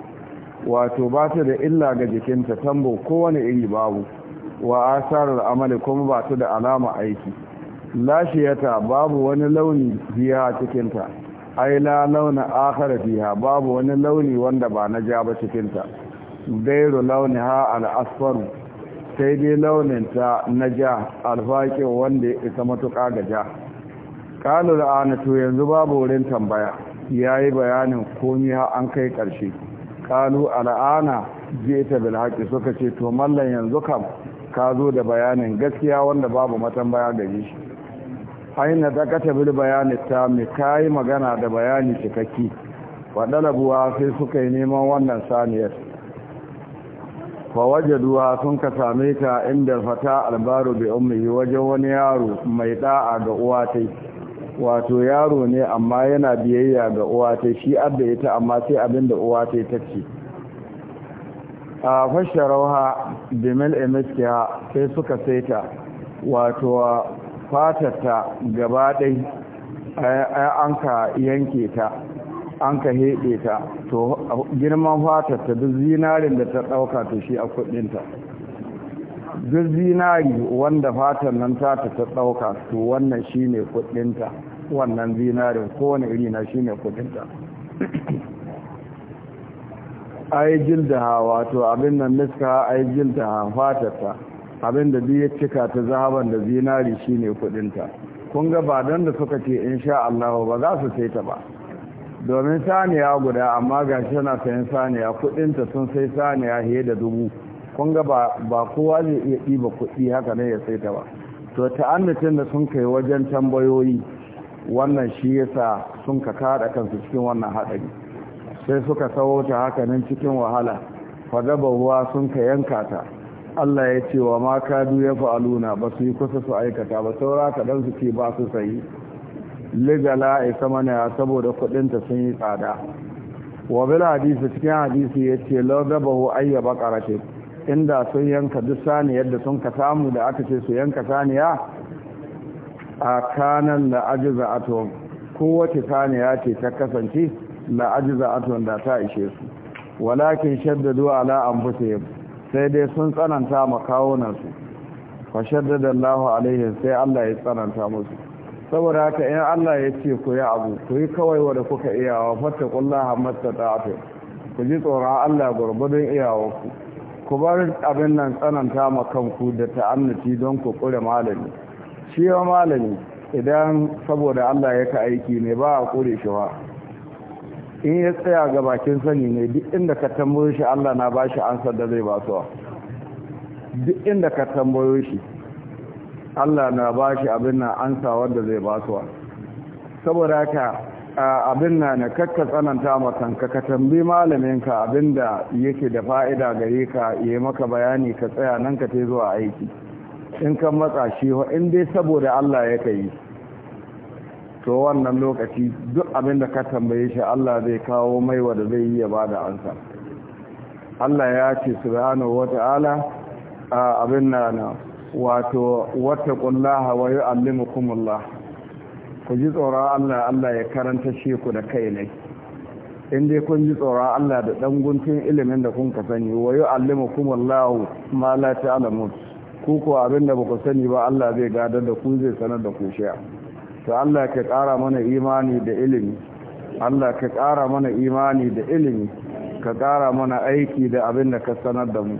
wato ba ta da illa ga jikinta tambo kowane iri babu wa asarar amali kuma ba ta da alama aiki lashiyata babu wani launi biya cikinta ai la launa akhara biya babu wani launi wanda ba na ja ba cikinta launi ha al'asfaru sai dai launinta na ja alfaƙin wanda ya isa matuƙa ga ja ƙalu to yanzu babu wurin tambaya ya yi bayanin komi ha an kai ƙarshe ƙalu al'ana jeta bilhaƙi suka ce to mallan yanzu kam ka zo da bayanin gaskiya wanda babu matambaya ga shi aina ta kata bil bayanin ta mai kayi magana da bayani cikakki buwa sai suka yi neman wannan saniyar fawajaduwa sun ka same ta inda fata albaru bi ummihi wajen wani yaro mai da'a ga uwa tai wato yaro ne amma yana biyayya ga uwa tai shi abda ita amma sai abin da uwa tai ta ce a fasharauha bimil emiskiya sai suka saita wato fatarta gaba ɗai an ka yanke ta an ka heɗe ta to girman fatar ta duk zinarin da ta ɗauka to shi a kuɗinta duk zinari wanda fatar nan ta ta ɗauka to wannan shi ne kuɗinta wannan zinarin kowane iri na shi ne kuɗinta da hawa to abin nan niska hawa fatar ta abin da biyar cika ta zahaban da zinari shi ne kudinta kun ga ba don da suka ce in sha Allah ba za su sai ta ba domin saniya guda amma ga shi yana sayan saniya kudinta sun sai saniya fiye da dubu kun ga ba kowa zai iya ɗiba kuɗi haka ne ya sai ta ba to ta'amitin da sun kai wajen tambayoyi wannan shi yasa sun ka kada kansu cikin wannan haɗari sai suka sawo ta haka nan cikin wahala fadaba ruwa sun ka yanka ta Allah ya ce wa ma kadu ya fa'aluna ba su yi kusa su aikata ba saura ka dan su ce ba su sayi ligala a sama na saboda kudinta sun yi tsada wa bil hadisi cikin hadisi ya ce lau ayya bakara ce inda sun yanka duk saniyar da sun ka samu da aka ce su yanka saniya a kanan la'ajiza atom kowace saniya ce ta kasance la'ajiza atom da ta ishe su walakin shaddadu ala anfusihim sai dai sun tsananta makawunan su fa shaddada Allahu alaihi sai Allah ya tsananta musu saboda haka in Allah ya ce ku yi abu ku yi kawai wanda kuka iyawa fata ta afe? ku ji tsoron Allah gurgudun iyawarku ku bar abin nan tsananta ma kanku da ta'annuci don ku kure malami shi wa malami idan saboda Allah ya ka aiki ne ba a kure shi ba in ya tsaya ga bakin sani ne duk inda ka tambayo shi Allah na bashi ansa da zai ba su duk inda ka tambayo shi Allah na ba shi abin na ansa wanda zai ba suwa saboda haka abin na na kakka tsananta makan ka ka tambi malaminka abin da yake da fa'ida gare ka yi maka bayani ka tsaya nan ka te zuwa aiki in kan matsa shi wa in dai saboda Allah ya ka yi to wannan lokaci duk abin da ka tambaye shi Allah zai kawo mai wanda zai yi ya bada da ansa Allah ya ce subhanahu wata'ala abin na na wato yi wa yu'allimukumullah ku ji tsoron Allah Allah ya karanta shi da kai ne in dai kun ji tsoron Allah da dan guntun ilimin da kun ka sani wa yu'allimukumullahu ma la ta'lamun ku ko abinda ba ku sani ba Allah zai gadar da ku zai sanar da ku shi'a to Allah ka ƙara mana imani da ilimi Allah ka ƙara mana imani da ilimi ka ƙara mana aiki da abin da ka sanar da mu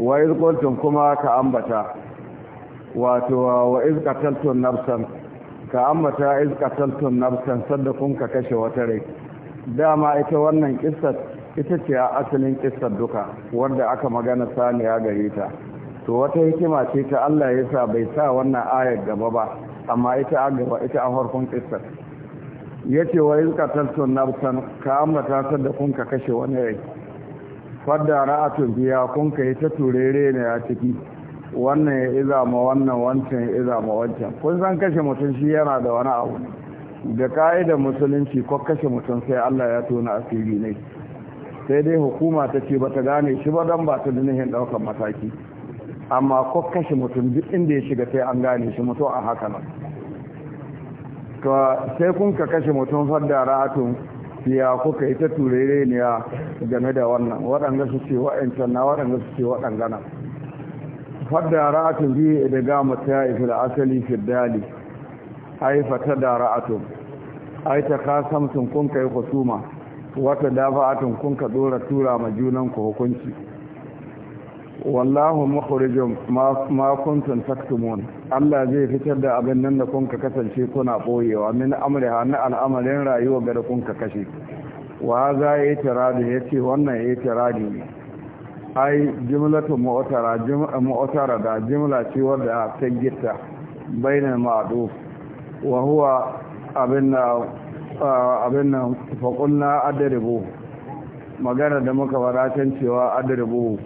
wa izkultum kuma ka ambata wato wa izqataltum nafsan ka ambata izqataltum nafsan sadda kun ka kashe wata rai dama ita wannan kissa ita ce a asalin kissa duka wanda aka magana saniya gare ta to wata hikima ce ta Allah ya sa bai sa wannan ayar gaba ba amma ita a gaba ita a farkon kissa yace wa izqataltum nafsan ka ambata sadda kun ka kashe wani rai fadda ra'atun biya kun kai ta turere ne a ciki wannan ya iza ma wannan wancan ya iza ma wancan kun san kashe mutum shi yana da wani abu da ka'idar musulunci ko kashe mutum sai Allah ya tona asiri ne sai dai hukuma ta ce bata gane shi ba don ba ta da nihin ɗaukar mataki amma ko kashe mutum duk inda ya shiga sai an gane shi mutum a haka nan to sai kun ka kashe mutum fadda ra'atun ya kuka yi ta turere ne ya game da wannan waɗanda su ce wa'ancan na waɗanda su ce waɗanda na fadda ra'atun biyu da gama ta yi fil asali fi dali haifa ta da ra'atun ai ta kasamtun kun kai kusuma wata dafa'atun kun ka dora tura ma junan ku hukunci wallahu makhrijum ma kuntum taktumun Allah zai fitar da abin nan da kun ka kasance kuna boyewa min amri na al'amarin rayuwa ga da kun ka kashe wa za ya tiradi yace wannan yi tiradi ne ai jumlatu mu'tara mu'tara da jumla ce wadda ta gitta bainal ma'duf wa huwa abin abin nan faqulna adribu magana da muka wadatan cewa adribu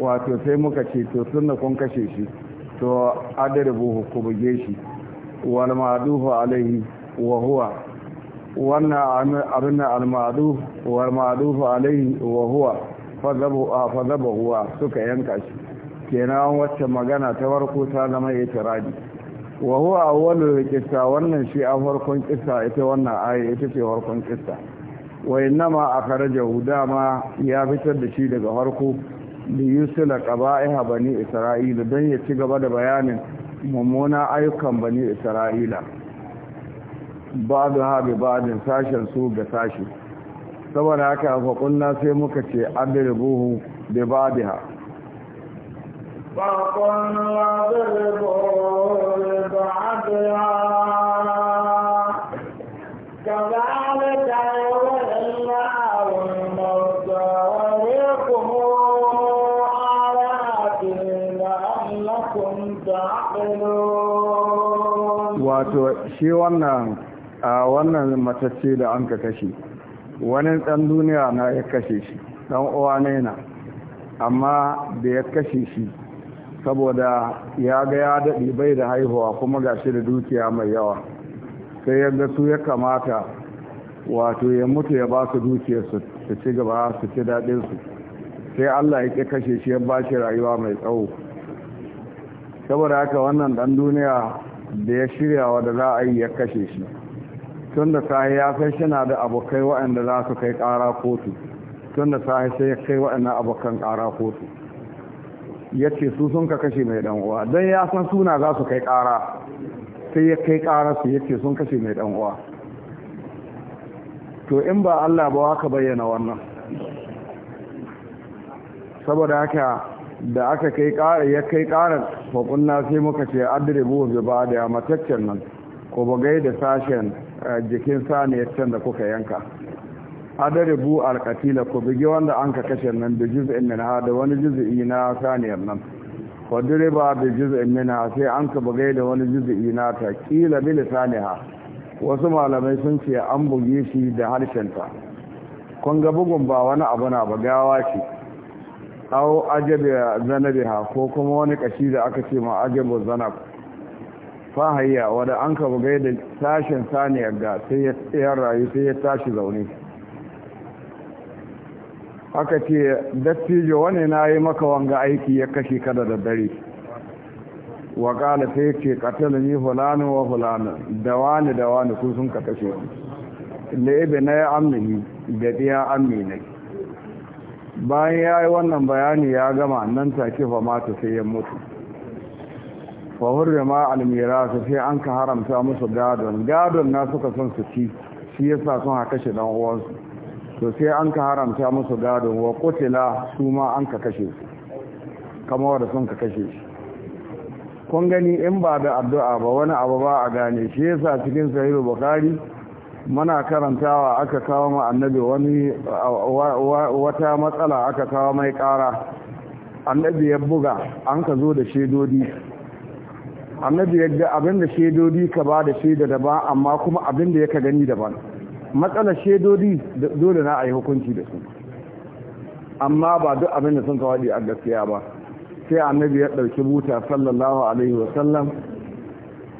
wato sai muka ce to na kun kashe shi to adribuhu ku buge shi wal ma'duhu alaihi wa huwa wannan abin al-ma'duf wa maduhu alaihi wa huwa fadhabu huwa suka yanka shi kenan wacce magana ta farko ta zama itiradi wa huwa awwalu kissa wannan shi a farkon kissa ita wannan aya ita ce farkon kissa wa innama akhrajahu dama ya fitar da shi daga farko da yusula qaba'iha bani isra'ila don ya ci gaba da bayanin mummuna ayyukan bani isra'ila da ha bi da sashen su ga sashe saboda haka a sai muka ce adribuhu bi ba fa wato shi wannan wannan matacce da an ka kashe wani ɗan duniya na ya kashe shi ɗan uwa ne na amma da ya kashe shi saboda ya ga ya daɗi bai da haihuwa kuma ga shi da dukiya mai yawa sai ya ga su ya kamata wato ya mutu ya ba su dukiyar su ci gaba su ci daɗinsu sai allah ya ƙi kashe shi ya ba shi rayuwa mai tsawo saboda haka wannan ɗan duniya da ya shirya wadda za a yi ya kashe shi tun da sahi ya san shi na da abokai waɗanda za su kai ƙara kotu tun da sahi sai ya kai waɗannan abokan ƙara kotu ya ce su sun ka kashe mai ɗan uwa don ya san suna za su kai ƙara sai ya kai ƙara su ya ce sun kashe mai ɗan uwa to in ba Allah ba haka bayyana wannan saboda haka da aka kai ƙara ya kai ƙarar faƙunna sai muka ce adribu bi ba da mataccen nan ko bugai da sashen eh, jikin saniyar can da kuka yanka adribu alƙatila ko bugi wanda an ka kashe nan da juz'in minha da wani juz'i na saniyar nan wa direba da juz'in minha sai an ka bugai da wani juz'i na ta kila bi lisaniha wasu malamai sun ce an bugi shi da harshen ta kun ga bugun ba wani abu na bagawa ce au ajabi zanabiha ko kuma wani kashi da aka ce ma ajabu zanab fa hayya wanda an ka bugai da tashin saniyar ga sai ya tsayar rayu sai ya tashi zaune aka ce dattijo wani na yi maka wanga aiki ya kashe ka da daddare wa kala sai ce katal ni fulani wa fulani da wani da sun ka kashe ne ibe na ya amini da ɗiya amini bayan ya yi wannan bayani ya gama nan take fa mata sai ya mutu fa almira su sai an ka haramta musu gadon gadon na suka son su ci shi yasa sun haka shi dan uwansu to sai an ka haramta musu gadon wa kutila su ma an ka kashe su kama wanda sun ka kashe shi kun gani in ba da addu'a ba wani abu ba a gane shi yasa cikin sahihul bukhari muna karantawa aka kawo ma annabi wani wata matsala aka kawo mai kara annabi ya buga an ka zo da shedodi annabi ya ga abin da shedodi ka ba da sheda daban amma kuma abin da ya ka gani daban matsalar shedodi dole na a yi hukunci da su amma ba duk abin da sun kawaɗi a gaskiya ba sai annabi ya ɗauki buta sallallahu alaihi wasallam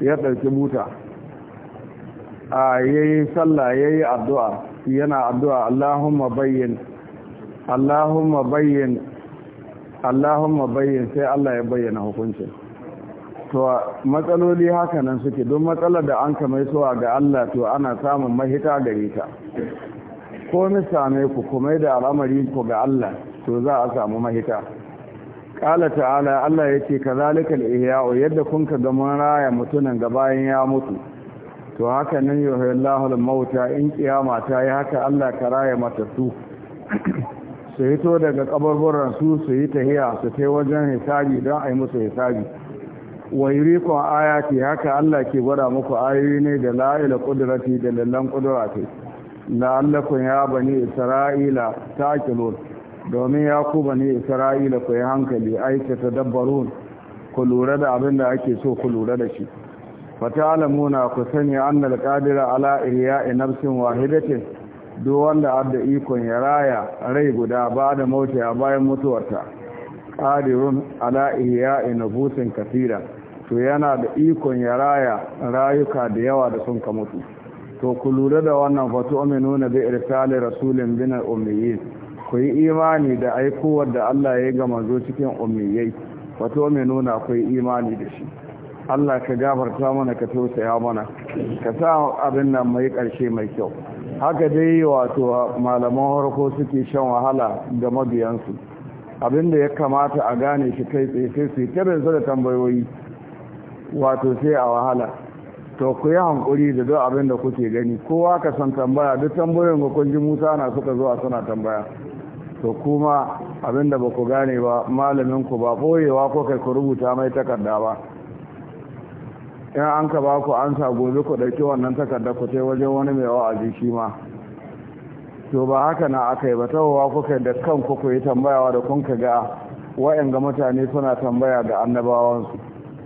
ya ɗauki buta a yayi sallah yayi addu'a yana addu'a Allahumma bayyin Allahumma bayyin Allahumma bayyin sai Allah ya bayyana hukunci to matsaloli haka nan suke don matsalar da an kamai suwa ga Allah to ana samun mahita gare ta ko ni same ku kuma da al'amari ku ga Allah to za a samu mahita qala ta'ala Allah yace kazalikal ihya'u yadda kun ka ga raya mutunan ga bayan ya mutu to haka nan yuhillahu al-mauta in kiyama ta yi haka Allah ka raya matattu su hito daga kabarburan su su yi tahiya su kai wajen hisabi don a yi musu hisabi wa Aya ayati haka Allah ke gwada muku ayoyi ne da la'ila kudurati da lallan Allah kun ya bani isra'ila ta taqilun domin ya ku bani isra'ila ku yi hankali aiki ta dabbarun ku lura da abin da ake so ku lura da shi fatalamuna ku sani annal qadira ala ihya'i nafsin wahidatin duk wanda adda ikon ya raya rai guda ba da a bayan mutuwarta qadirun ala ihya'i nufusin kathira to yana da ikon ya raya rayuka da yawa da sun ka mutu to ku lura da wannan fatu aminuna bi irsali rasulin bin ummiyin ku yi imani da aikowar da Allah ya ga manzo cikin ummiyai fatu aminuna ku yi imani da shi Allah ka gafarta mana ka tausaya mana ka sa abin nan mai karshe mai kyau haka dai wato malaman harko suke shan wahala da mabiyansu abin da ya kamata a gane shi kai tsaye sai su ta rinsu da tambayoyi wato sai a wahala to ku yi hankuri da duk abin da kuke gani kowa ka san tambaya duk tambayoyin ga kun musa na suka zuwa suna tambaya to kuma abin da ba ku gane ba malamin ku ba boyewa ko kai ku rubuta mai takarda ba in an ka ba ku ansa sa gobe ku ɗauki wannan takarda ku sai wajen wani mai wa'azi shi ma to ba haka na aka yi ba tawowa kuka da kanku ku yi tambayawa da kun ka ga wa'in ga mutane suna tambaya da annabawansu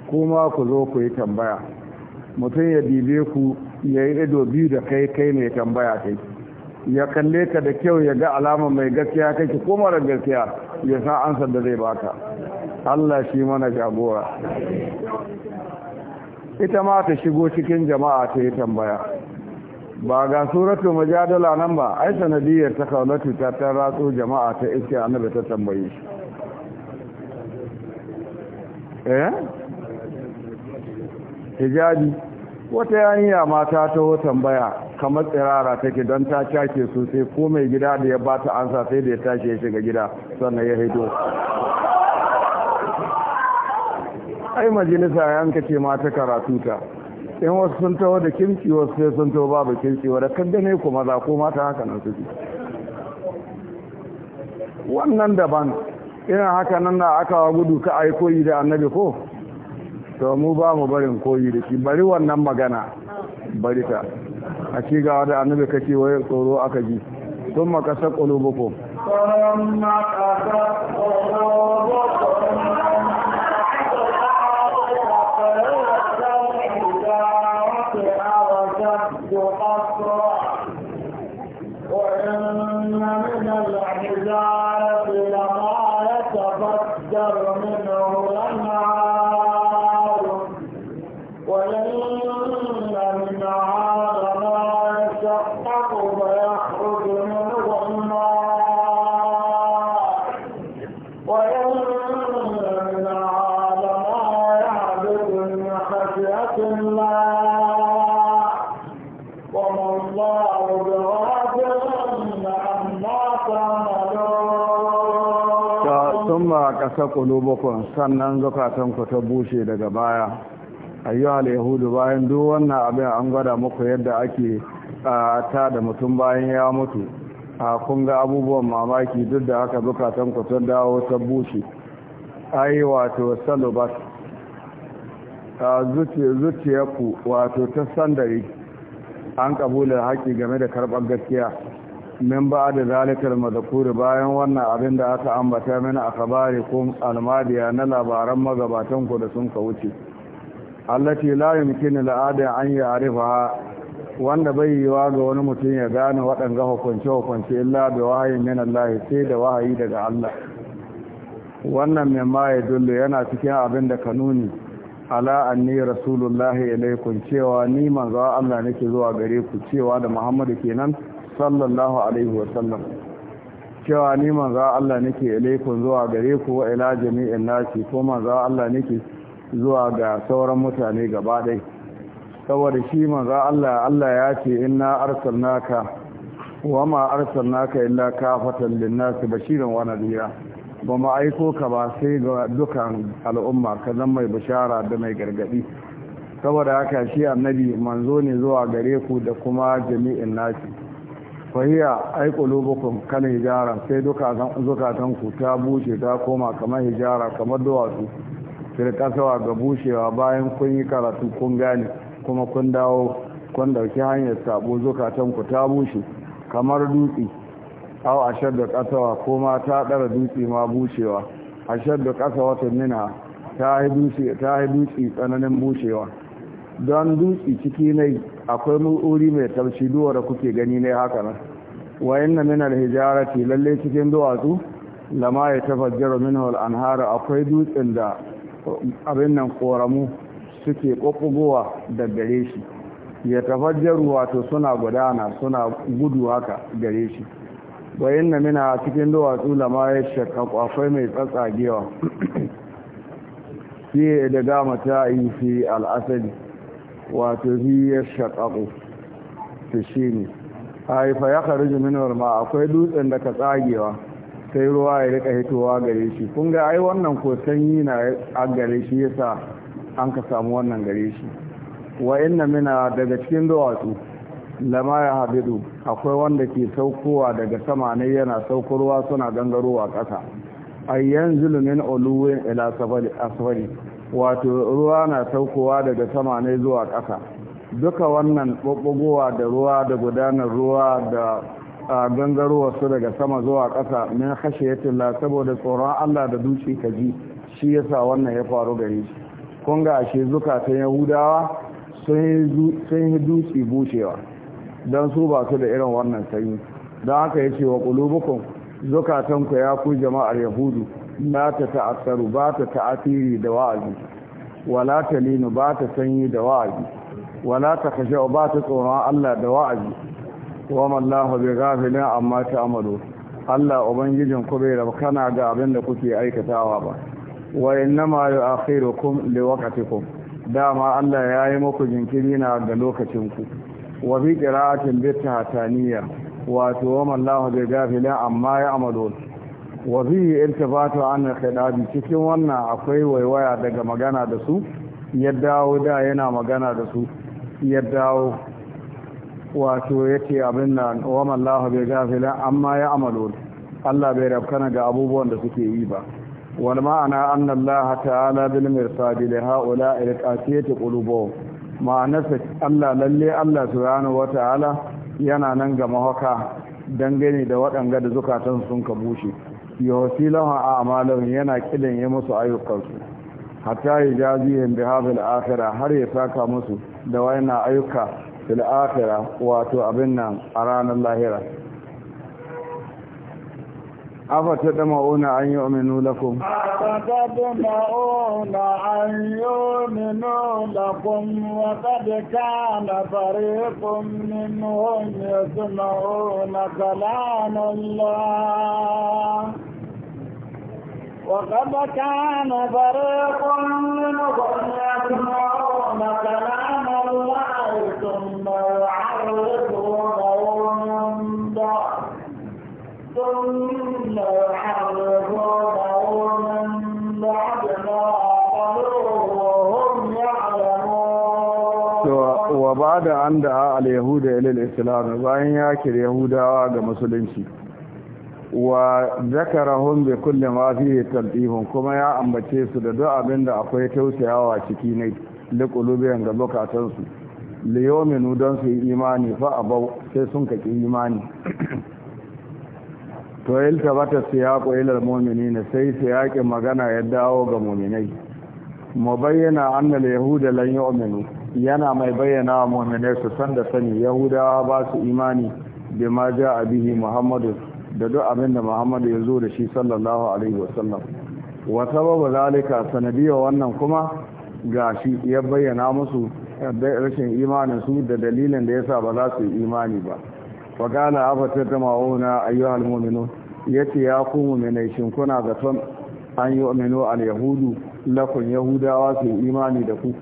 kuma ku zo ku yi tambaya mutum ya dibe ku ya yi ido biyu da kai kai mai tambaya kai ya kalle ka da kyau ya ga alama mai gaskiya kake ko mara gaskiya ya san ansar da zai baka Allah shi mana jagora ita ma ta shigo cikin jama'a ta yi tambaya ba ga suratu majadala nan ba ai sanadiyar ta kaunatu ta ta ratso jama'a ta iske annabi ta tambaye shi eh hijabi wata yaniya mata ta ho tambaya kamar tsirara take don ta cake sosai ko mai gida da ya ba ta ansa sai da ya tashi ya shiga gida sannan ya haido ai majalisa ya yanka ce mata karatu ta in wasu sun taho da kirki wasu sai sun taho babu kirki wadda kan gane ku maza ko mata haka nan suke wannan daban irin haka nan na aka wa gudu ka ai koyi da annabi ko to mu ba mu barin koyi da shi bari wannan magana bari ta a ci gawa da annabi kake wai tsoro aka ji sun makasar ƙulubukum ثم قست وقصر قصرا ta qulubukum sannan zukatanku ta bushe daga baya ayyuhal yahudu bayan duk wannan abin an gwada muku yadda ake ta da mutum bayan ya mutu a kun ga abubuwan mamaki duk da haka zukatanku ta dawo ta bushe yi wato salubat a zuciyarku wato ta sandari an kabula haƙi game da karɓar gaskiya min ba da zalikar mazakuri bayan wannan abin da aka ambata mini a kabari ko almadiya na labaran magabatanku da sun ka wuce allati la yumkinu al'ada an ya'rifaha wanda bai yiwa ga wani mutum ya gane waɗanga hukunce hukunce illa da wahayin min Allah sai da wahayi daga Allah wannan mai maye dullu yana cikin abin da kanuni ala anni rasulullahi ilaikum cewa ni manzo Allah nake zuwa gare ku cewa da Muhammadu kenan sallallahu alaihi wasallam cewa ni manza Allah nake ilaikun zuwa gare ku wa ila jami'in nasi ko manza Allah nake zuwa ga sauran mutane gaba dai saboda shi manza Allah Allah ya ce inna arsalnaka wa ma arsalnaka illa kafatan linnasi bashiran wa nadira ba ma aiko ka ba sai ga dukan al'umma ka zan mai bishara da mai gargadi saboda haka shi annabi manzo ne zuwa gare ku da kuma jami'in nasi fahiya ai qulubukum kan hijara sai duka zukatan ku ta bushe ta koma kamar hijara kamar duwatsu sai kasawa ga bushewa bayan kun yi karatu kun gane kuma kun dawo kun dauki hanyar sabo zukatan ku ta bushe kamar dutse aw ashaddu qasawa kuma ta dara dutse ma bushewa ashaddu qasawatan minha ta yi ta yi dutse tsananin bushewa don dutse ciki nai akwai wuri mai tamshi duwa da kuke gani ne haka nan wayan na min al-hijarati lalle cikin duwatsu lama ya tafajjara minhu al akwai dutsen da abin nan koramu suke kokkogowa da gare shi ya tafajjaru wato suna gudana suna gudu haka gare shi wayan na min cikin duwatsu lama ya shakka akwai mai tsatsagewa fiye da gama ta yi fi al-asali wato hiyar shaƙaƙo ta shi ne haifa ya kharaju min ma akwai dutsen da ka tsagewa sai ruwa ya rika hitowa gare shi kun ga ai wannan ko sanyi na a gare shi yasa an ka samu wannan gare shi wa inna mina daga cikin duwatsu lama ya habidu akwai wanda ke saukowa daga sama ne yana saukar ruwa suna gangarowa ƙasa ayyan zulumin uluwin ila asfali wato ruwa na saukowa daga sama ne zuwa ƙasa duka wannan ɓuɓɓugowa da ruwa da gudanar ruwa da gangarowar su daga sama zuwa ƙasa min khashiyatillah saboda tsoron Allah da ka ji shi ya sa wannan ya faru gare shi kun ga ashe zukatan yahudawa sun yi dutse bushewa don su ba su da irin wannan sanyi don haka ya ce wa ƙulubukun zukatanku ya ku jama'ar yahudu Na ta ta'assaru ba ta ta'atiri da wa'azi wala ta linu ba ta sanyi da wa'azi wala ta kashe ba ta tsoron Allah da wa'azi wa mallahu bi ghafilin amma ta'malu Allah ubangijin ku bai rabu kana ga abin da kuke aikatawa ba wa innama yu'akhirukum liwaqtikum dama Allah ya yi muku jinkiri na ga lokacin ku wa bi qira'atin bi tahtaniya wato wa mallahu bi ghafilin amma ya'malun wa ta iltifatu an khidabi cikin wannan akwai waiwaya daga magana da su ya dawo da yana magana da su ya dawo wato yake abin da wa mallahu bai gafila amma ya amalo Allah bai rafkana ga abubuwan da suke yi ba wal ma'ana anna Allah ta'ala bil mirsadi li haula ilqasiyati qulubuhum ma'ana Allah lalle Allah subhanahu wa ta'ala yana nan ga mahaka dangane da waɗanga da zukatan sun ka bushe yawasi lahun a amalin yana kidan ya musu ayyukansu hatta yi da bihabin akira har ya saka musu da waina ayyuka fil wato abin nan a ranar lahira afata da ma'una an yi ominu lakun wata da kana fari kun minu ne su ma'una kalanallon وقد كان فريق منهم يسمعون كلام الله ثم يعرضون عندهم wa ba da an da al ilil islam bayan ya kira yahudawa ga musulunci wa zakarahum bi kulli ma fihi tadbihum kuma ya ambace su da duk abin da akwai tausayawa ciki ne li ga bukatun su li yawminu dan su imani fa abau sai sun kake imani to ilta bata ƙwailar momini na sai su yaƙi magana ya dawo ga mu'minai mu bayyana anna yahuda lan yu'minu yana mai bayyana wa mominai su san da sani yahudawa ba su imani da ma a bihi muhammadu da duk abin da muhammadu ya zo da shi sallallahu alaihi wasallam wa sababu zalika sanadiyar wannan kuma ga shi ya bayyana musu rashin imanin su da dalilin da yasa ba za su yi imani ba fa gala afata ta ma'una ayyuhal mu'minun yace ya ku mu'minai shin kuna zaton an yu'minu al yahudu lakun yahudawa suyi imani da ku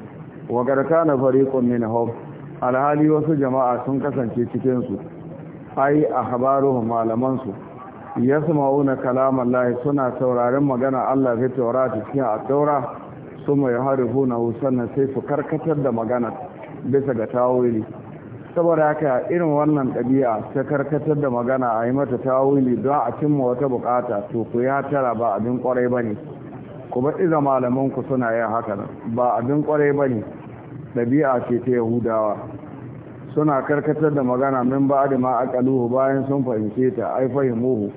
wa na fariqun minhum alhali wasu jama'a sun kasance cikin su ai ahbaruhum malaman su yasma'una kalaman lahi suna sauraron magana Allah fi taurata cikin at-taura suma yaharifuna sannan sai su karkatar da magana bisa ga tawili saboda haka irin wannan ɗabi'a ta karkatar da magana a yi mata wuli don a cimma wata bukata to ku ya tara ba abin kwarai ba ne ku baɗiza malaman ku suna yin haka ba abin kwarai ba ne ɗabi'a ce ta yahudawa suna karkatar da magana min ba da ma'akaluhu bayan sun fahimce ta ai fahimuhu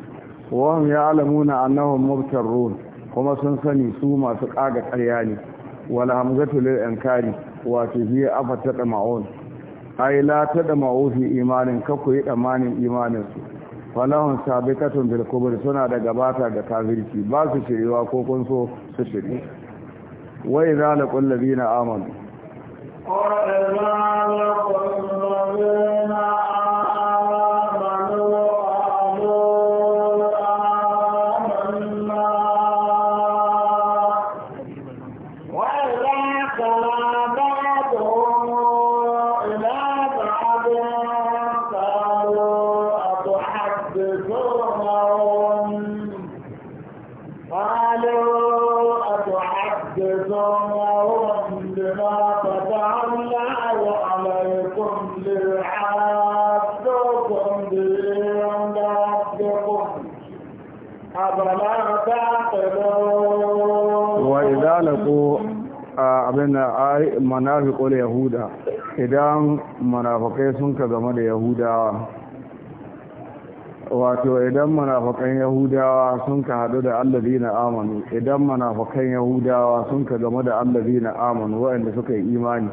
wahum ya alamuna mubtar ruhun kuma sun sani su masu ƙaga ƙarya ne wala hamzatu lil inkari wato afa ta ma'un ai la ta da ma'ufi imanin ka ku yi damanin imaninsu falahun sabiqatun katon bilkubur suna da gabata ga kafirci ba su shirewa ko kun so su shiri wa na la laqul na amanu abin da ai munafiqul yahuda idan munafikai sun ka game da yahudawa wato idan munafikan yahudawa sun ka haɗu da na amanu idan munafikan yahudawa sun ka game da na amanu waɗanda suka yi imani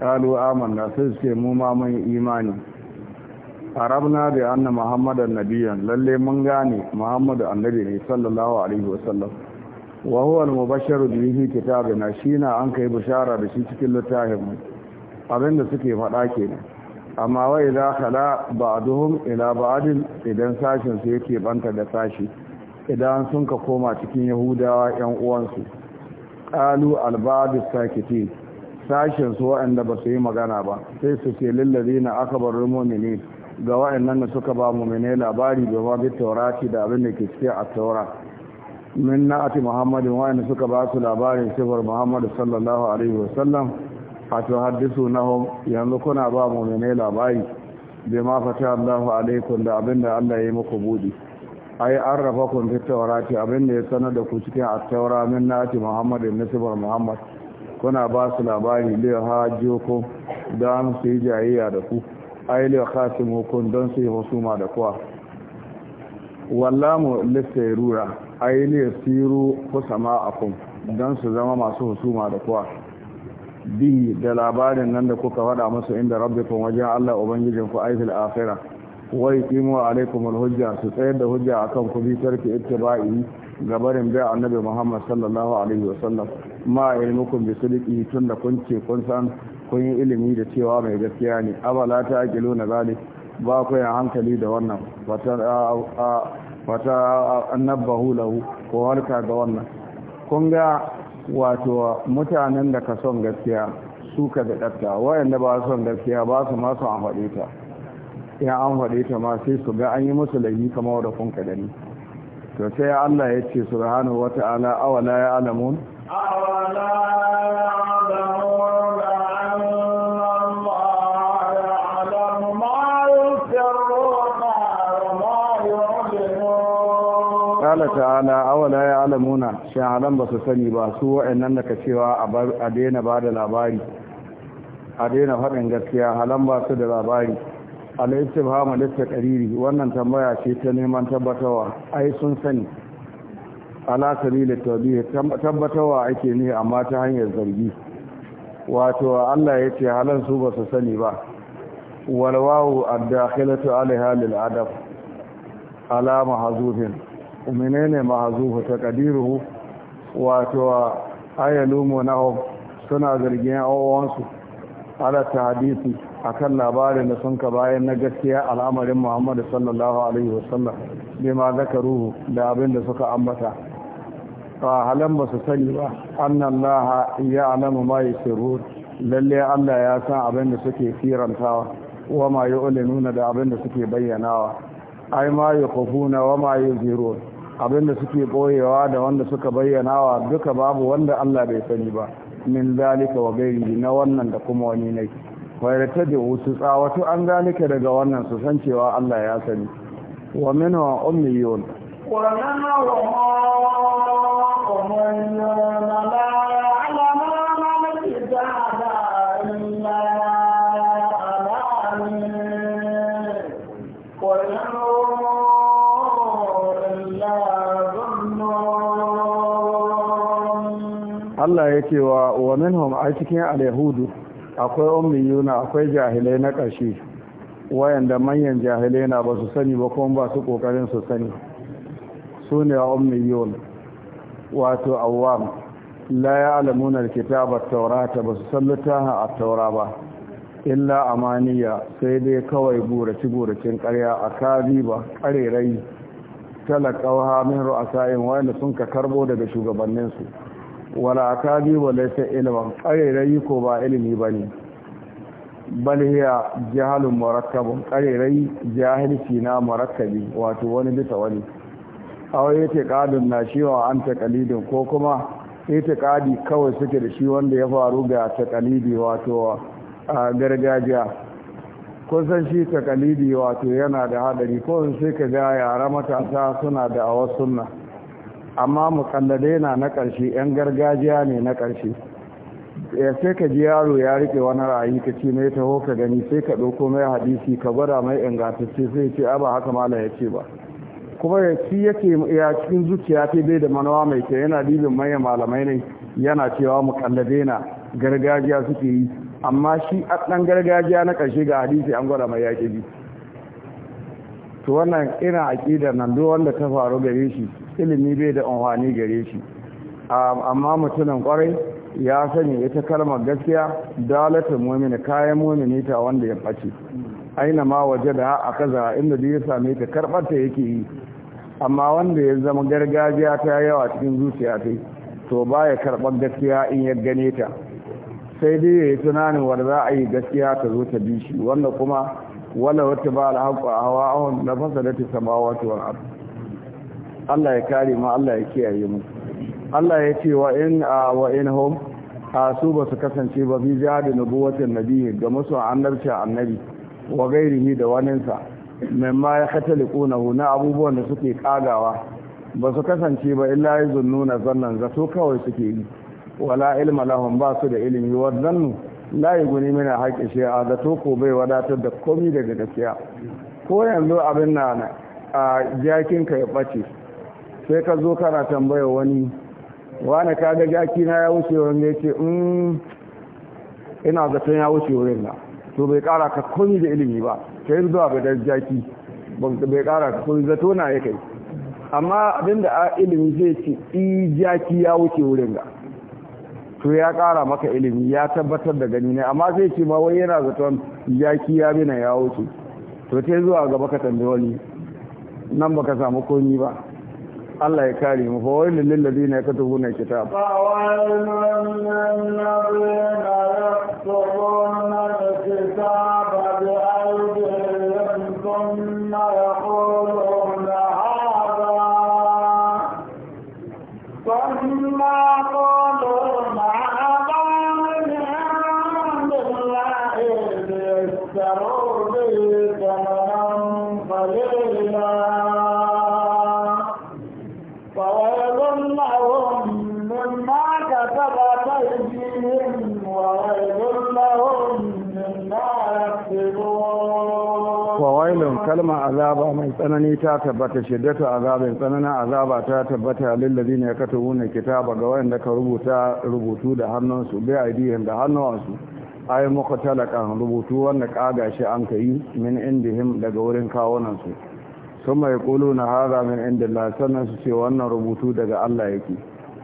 ƙalu amanna sun ce mu ma mun imani da bi anna muhammadan nabiyan lalle mun gane muhammadu annabi ne sallallahu alaihi wasallam wa huwa al-mubashsharu bihi kitabina shina an kai bishara da shi cikin littafin mu abinda suke faɗa kenan amma wa idza khala ba'duhum ila ba'din idan sashin su yake banta da sashi idan sun ka koma cikin yahudawa yan uwansu qalu al-ba'du sakiti sashin su waɗanda ba su yi magana ba sai su ce lillazina akbarul mu'minin ga wa'annan suka ba mu'mine labari da ba bi taurati da abin da ke cikin at-taurati min na'ati muhammadin wa'anda suka ba su labarin sifar muhammadu sallallahu alaihi wasallam a tuhaddisu nahum yanzu kuna ba mu'minai labari bai ma fata Allahu alaikum da abinda Allah ya yi muku budi ai an rafa kun fi taurati abinda ya sanar da ku cikin attaura min na'ati muhammadin nisbar muhammad kuna ba su labari liya hajjo ku don su yi jayayya da ku ai liya khasim hukun don su yi husuma da kuwa wallamu lissa rura ko sama a kun don su zama masu husuma da kuwa bi da labarin nan da kuka faɗa masu inda rabbikum wajen Allah ubangijin ku aifil akhirah wa yuqimu alaikum alhujja su tsayar da hujja akan ku bi tarki ittiba'i gabarin bai annabi Muhammad sallallahu alaihi wasallam ma ilmukum bi tun da kun ce kun san kun yi ilimi da cewa mai gaskiya ne abala ta aqilu na zalik ba ku hankali da wannan wata wata annabahu lahu ko harka ga wannan kun ga wato mutanen da ka son gaskiya su ka da ɗatta wayanda ba son gaskiya ba su ma su an ta ya an ta ma sai su ga an yi musu laifi kamar da kun ka gani to sai Allah ya ce subhanahu wata'ala awala ya alamun awala ya alamun qala ta'ala awala ya'lamuna shan alam ba su sani ba su wa'annan da ka cewa a daina ba da labari a daina faɗin gaskiya halan ba su da labari al-istifham al-taqriri wannan tambaya ce ta neman tabbatawa ai sun sani ala sabili tawbihi tabbatawa ake ne amma ta hanyar zargi wato Allah ya ce halan su ba su sani ba walwawu ad-dakhilatu alaiha lil adab alama hazufin menene ma'azufu ta kadiruhu wato ayalumu na suna zargin awowansu ala ta hadisi akan labarin da sun ka bayan na gaskiya al'amarin muhammadu sallallahu alaihi wasallam bai ma da abin da suka ambata fa halan ba su sani ba annallaha ya alamu ma yusirrun lalle Allah ya san abin da suke firantawa wa ma yu'linuna da abin da suke bayyanawa ai ma kufuna wa ma yuzirun Abin da suke ɓoyewa da wanda suka bayyana wa duka babu wanda Allah bai sani ba min zalika wa gairi na wannan da kuma wani ne ta da wasu tsawatu an zalika daga wannan su san cewa Allah ya sani wa min wa ummiyun wa min wa ummiyun la Allah ya ce wa wa minhum a cikin alyahudu akwai ummiyuna akwai jahilai na ƙarshe wayanda manyan jahilai na basu sani ba kuma basu su ƙoƙarin su sani su ne ummiyun wato awam la ya'lamuna alkitaba at-taurata ba su san littafin a taura ba illa amaniya sai dai kawai burace cin ƙarya a ba ƙarerai talakawa min ru'asa'in wanda sun ka karbo daga shugabanninsu wala bi wala ta ilman ƙarerayi ko ba ilimi ba ne bal jahalun murakkabun ƙarerayi jahilci na murakkabi wato wani bisa wani awai yake ƙadun na shi wa an taƙalidin ko kuma itikadi kawai suke da shi wanda ya faru ga takalidi wato a gargajiya kusan shi takalidi wato yana da hadari ko sai ka ga yara matasa suna da awa sunna amma mukallade na na ƙarshe 'yan gargajiya ne na ƙarshe ya eh, sai ka ji yaro ya rike wani ra'ayi ka ce mai taho ka gani sai ka ɗauko mai hadisi ka gwada mai ingantacce sai ce a ba haka mala ya ce ba kuma ya ci yake ya cikin zuciya ta bai da manawa mai kyau yana dibin manyan malamai ne yana cewa mukallade na gargajiya suke yi amma shi a ɗan gargajiya na ƙarshe ga hadisi an gwada mai yaƙi to wannan ina aƙidar nan duk wanda ta faru gare shi ilimi bai da amfani gare shi amma mutumin kwarai ya sani ita kalmar gaskiya dalatar mumini kayan mumini ta wanda ya ɓace aina ma waje da a kaza inda da ya same ta karɓar ta yake yi amma wanda ya zama gargajiya ta yawa cikin zuciya ta to ba ya karɓar gaskiya in ya gane ta sai dai ya yi tunanin wanda za a yi gaskiya ta zo ta bi shi wanda kuma wala wata ba a hawa ahun na fasa da ta samawa tuwar abu Allah ya kare mu Allah ya kiyaye mu Allah ya ce wa in wa in hum su ba su kasance ba bi jihadi nubuwatin nabiyyi ga musu annabci annabi wa gairihi da waninsa ma ya kataliqunahu na abubuwan da suke kagawa ba su kasance ba illa yuzunnuna zannan zato kawai suke yi wala ilma lahum ba su da ilimi wa zannu la yuguni min haqqi a zato ko bai wadatar da komai daga gaskiya ko yanzu abin na a jakin ka ya bace sai ka zo kana tambaya wani wani ka ga jaki na ya wuce wurin ya ce mm, ina zaton ya wuce wurin na to bai kara ka komi da ilimi ba ka yi zuwa ga jaki bai kara ka komi zato na ya kai amma abinda a ilimi zai ce i jaki ya wuce wurin ga to ya kara maka ilimi ya tabbatar da gani ne amma zai ce ma wai yana zaton jaki ya bina ya wuce to ta zuwa gaba ka tambayi wani nan baka samu komi ba Allah ya kare mu fa wailul lil ladina yakutubuna kitab fa wailul lil ladina yakutubuna kitaba kalmar azaba mai tsanani ta tabbata shiddatu azabin tsananin azaba ta tabbata lillazi ne ya kata kita kitaba ga wayanda ka rubuta rubutu da hannunsu bi aidiyan da hannuwansu ay muka talakan rubutu wanda kaga shi an kai min indihim daga wurin kawunansu sun mai kulu na haza min indillah sannan su ce wannan rubutu daga Allah yake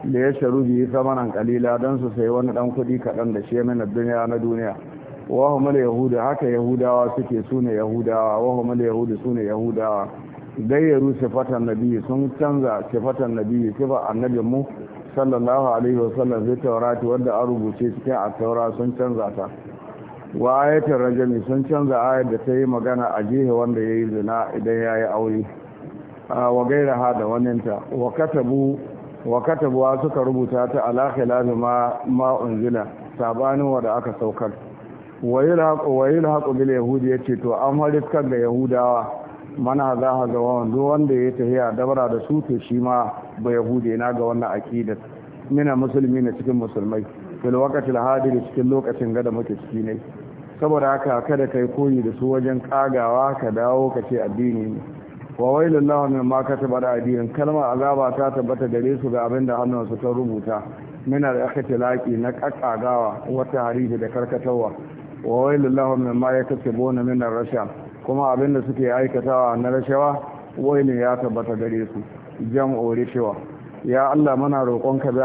da ya sharu biyu samanan kalila don su sayi wani dan kuɗi kaɗan da shi min duniya na duniya wa humul yahudu haka yahudawa suke sune yahudawa wa humul yahudu sune yahudawa gayyaru sifatan nabiyyi sun canza sifatan nabiyyi sifa annabin mu sallallahu alaihi wasallam zai taurati wadda an rubuce cikin a taura sun canza ta wa ayatul rajami sun canza ayar da ta yi magana a jihe wanda ya yi zina idan ya yi aure wa gaira ha da waninta wa katabu wa katabuwa suka rubuta ta ala khilafi ma ma unzila sabanin da aka saukar wayil haƙo bil yahudi ya ce to an kan ga yahudawa mana za a ga wanda wanda ya tafiya dabara da su to shi ma ba yahudi na ga wannan akidar mina musulmi na cikin musulmai fil waqtil hadir cikin lokacin gada muke ciki ne saboda haka kada kai koyi da su wajen kagawa ka dawo ka ce addini ne wa wailul lahu mimma kataba da addinin kalmar azaba ta tabbata gare su ga abin da hannunsu ta rubuta mina da aka tilaki na kakagawa wata harihi da karkatawa wa wailul ya mimma yakasibuna min rasha kuma da suke aikatawa na rashawa wai ne ya tabbata gare su ori rishawa ya Allah muna roƙonka bi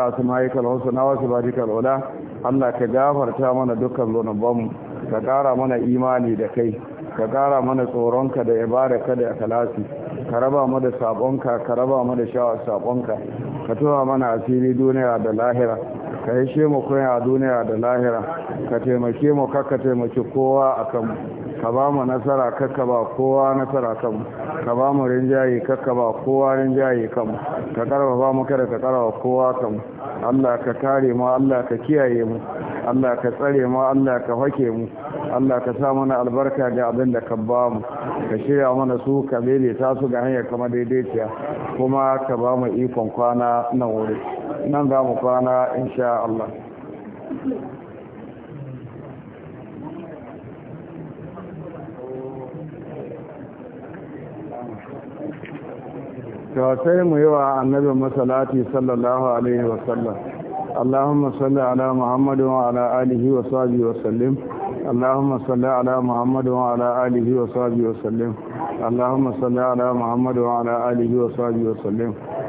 na wasu ba sifatikal ula Allah ka gafarta mana dukkan zunubanmu ka ƙara mana imani da kai ka ƙara mana tsoronka da ibadarka da akhlasi ka raba mu da sabonka ka raba mu da sha'awar saƙonka. ka tura mana asiri duniya da lahira ka yi mu kunya a duniya da lahira ka taimake mu kakka taimake kowa a kanmu ka ba mu nasara kakka ba kowa nasara kanmu ka ba mu rinjaye kakka ba kowa rinjaye kanmu ka karfafa mu kada ka karfafa kowa kanmu Allah ka kare mu Allah ka kiyaye mu Allah ka tsare mu Allah ka hake mu Allah ka sa mana albarka da abin da ka ba mu ka shirya mana su ka ta su ga hanyar kama daidaiciya kuma ka ba mu ikon kwana nan wuri nan za mu kwana insha Allah Ta sai mu yi wa annabi masalati sallallahu alaihi wasallam اللهم صل على محمد وعلى آله وصحبه وسلم اللهم صل على محمد وعلى آله وصحبه وسلم اللهم صل على محمد وعلى آله وصحبه وسلم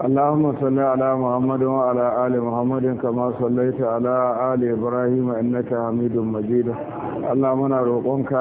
اللهم صل على محمد وعلى آل محمد كما صليت على آل إبراهيم إنك حميد مجيد اللهم نرقمك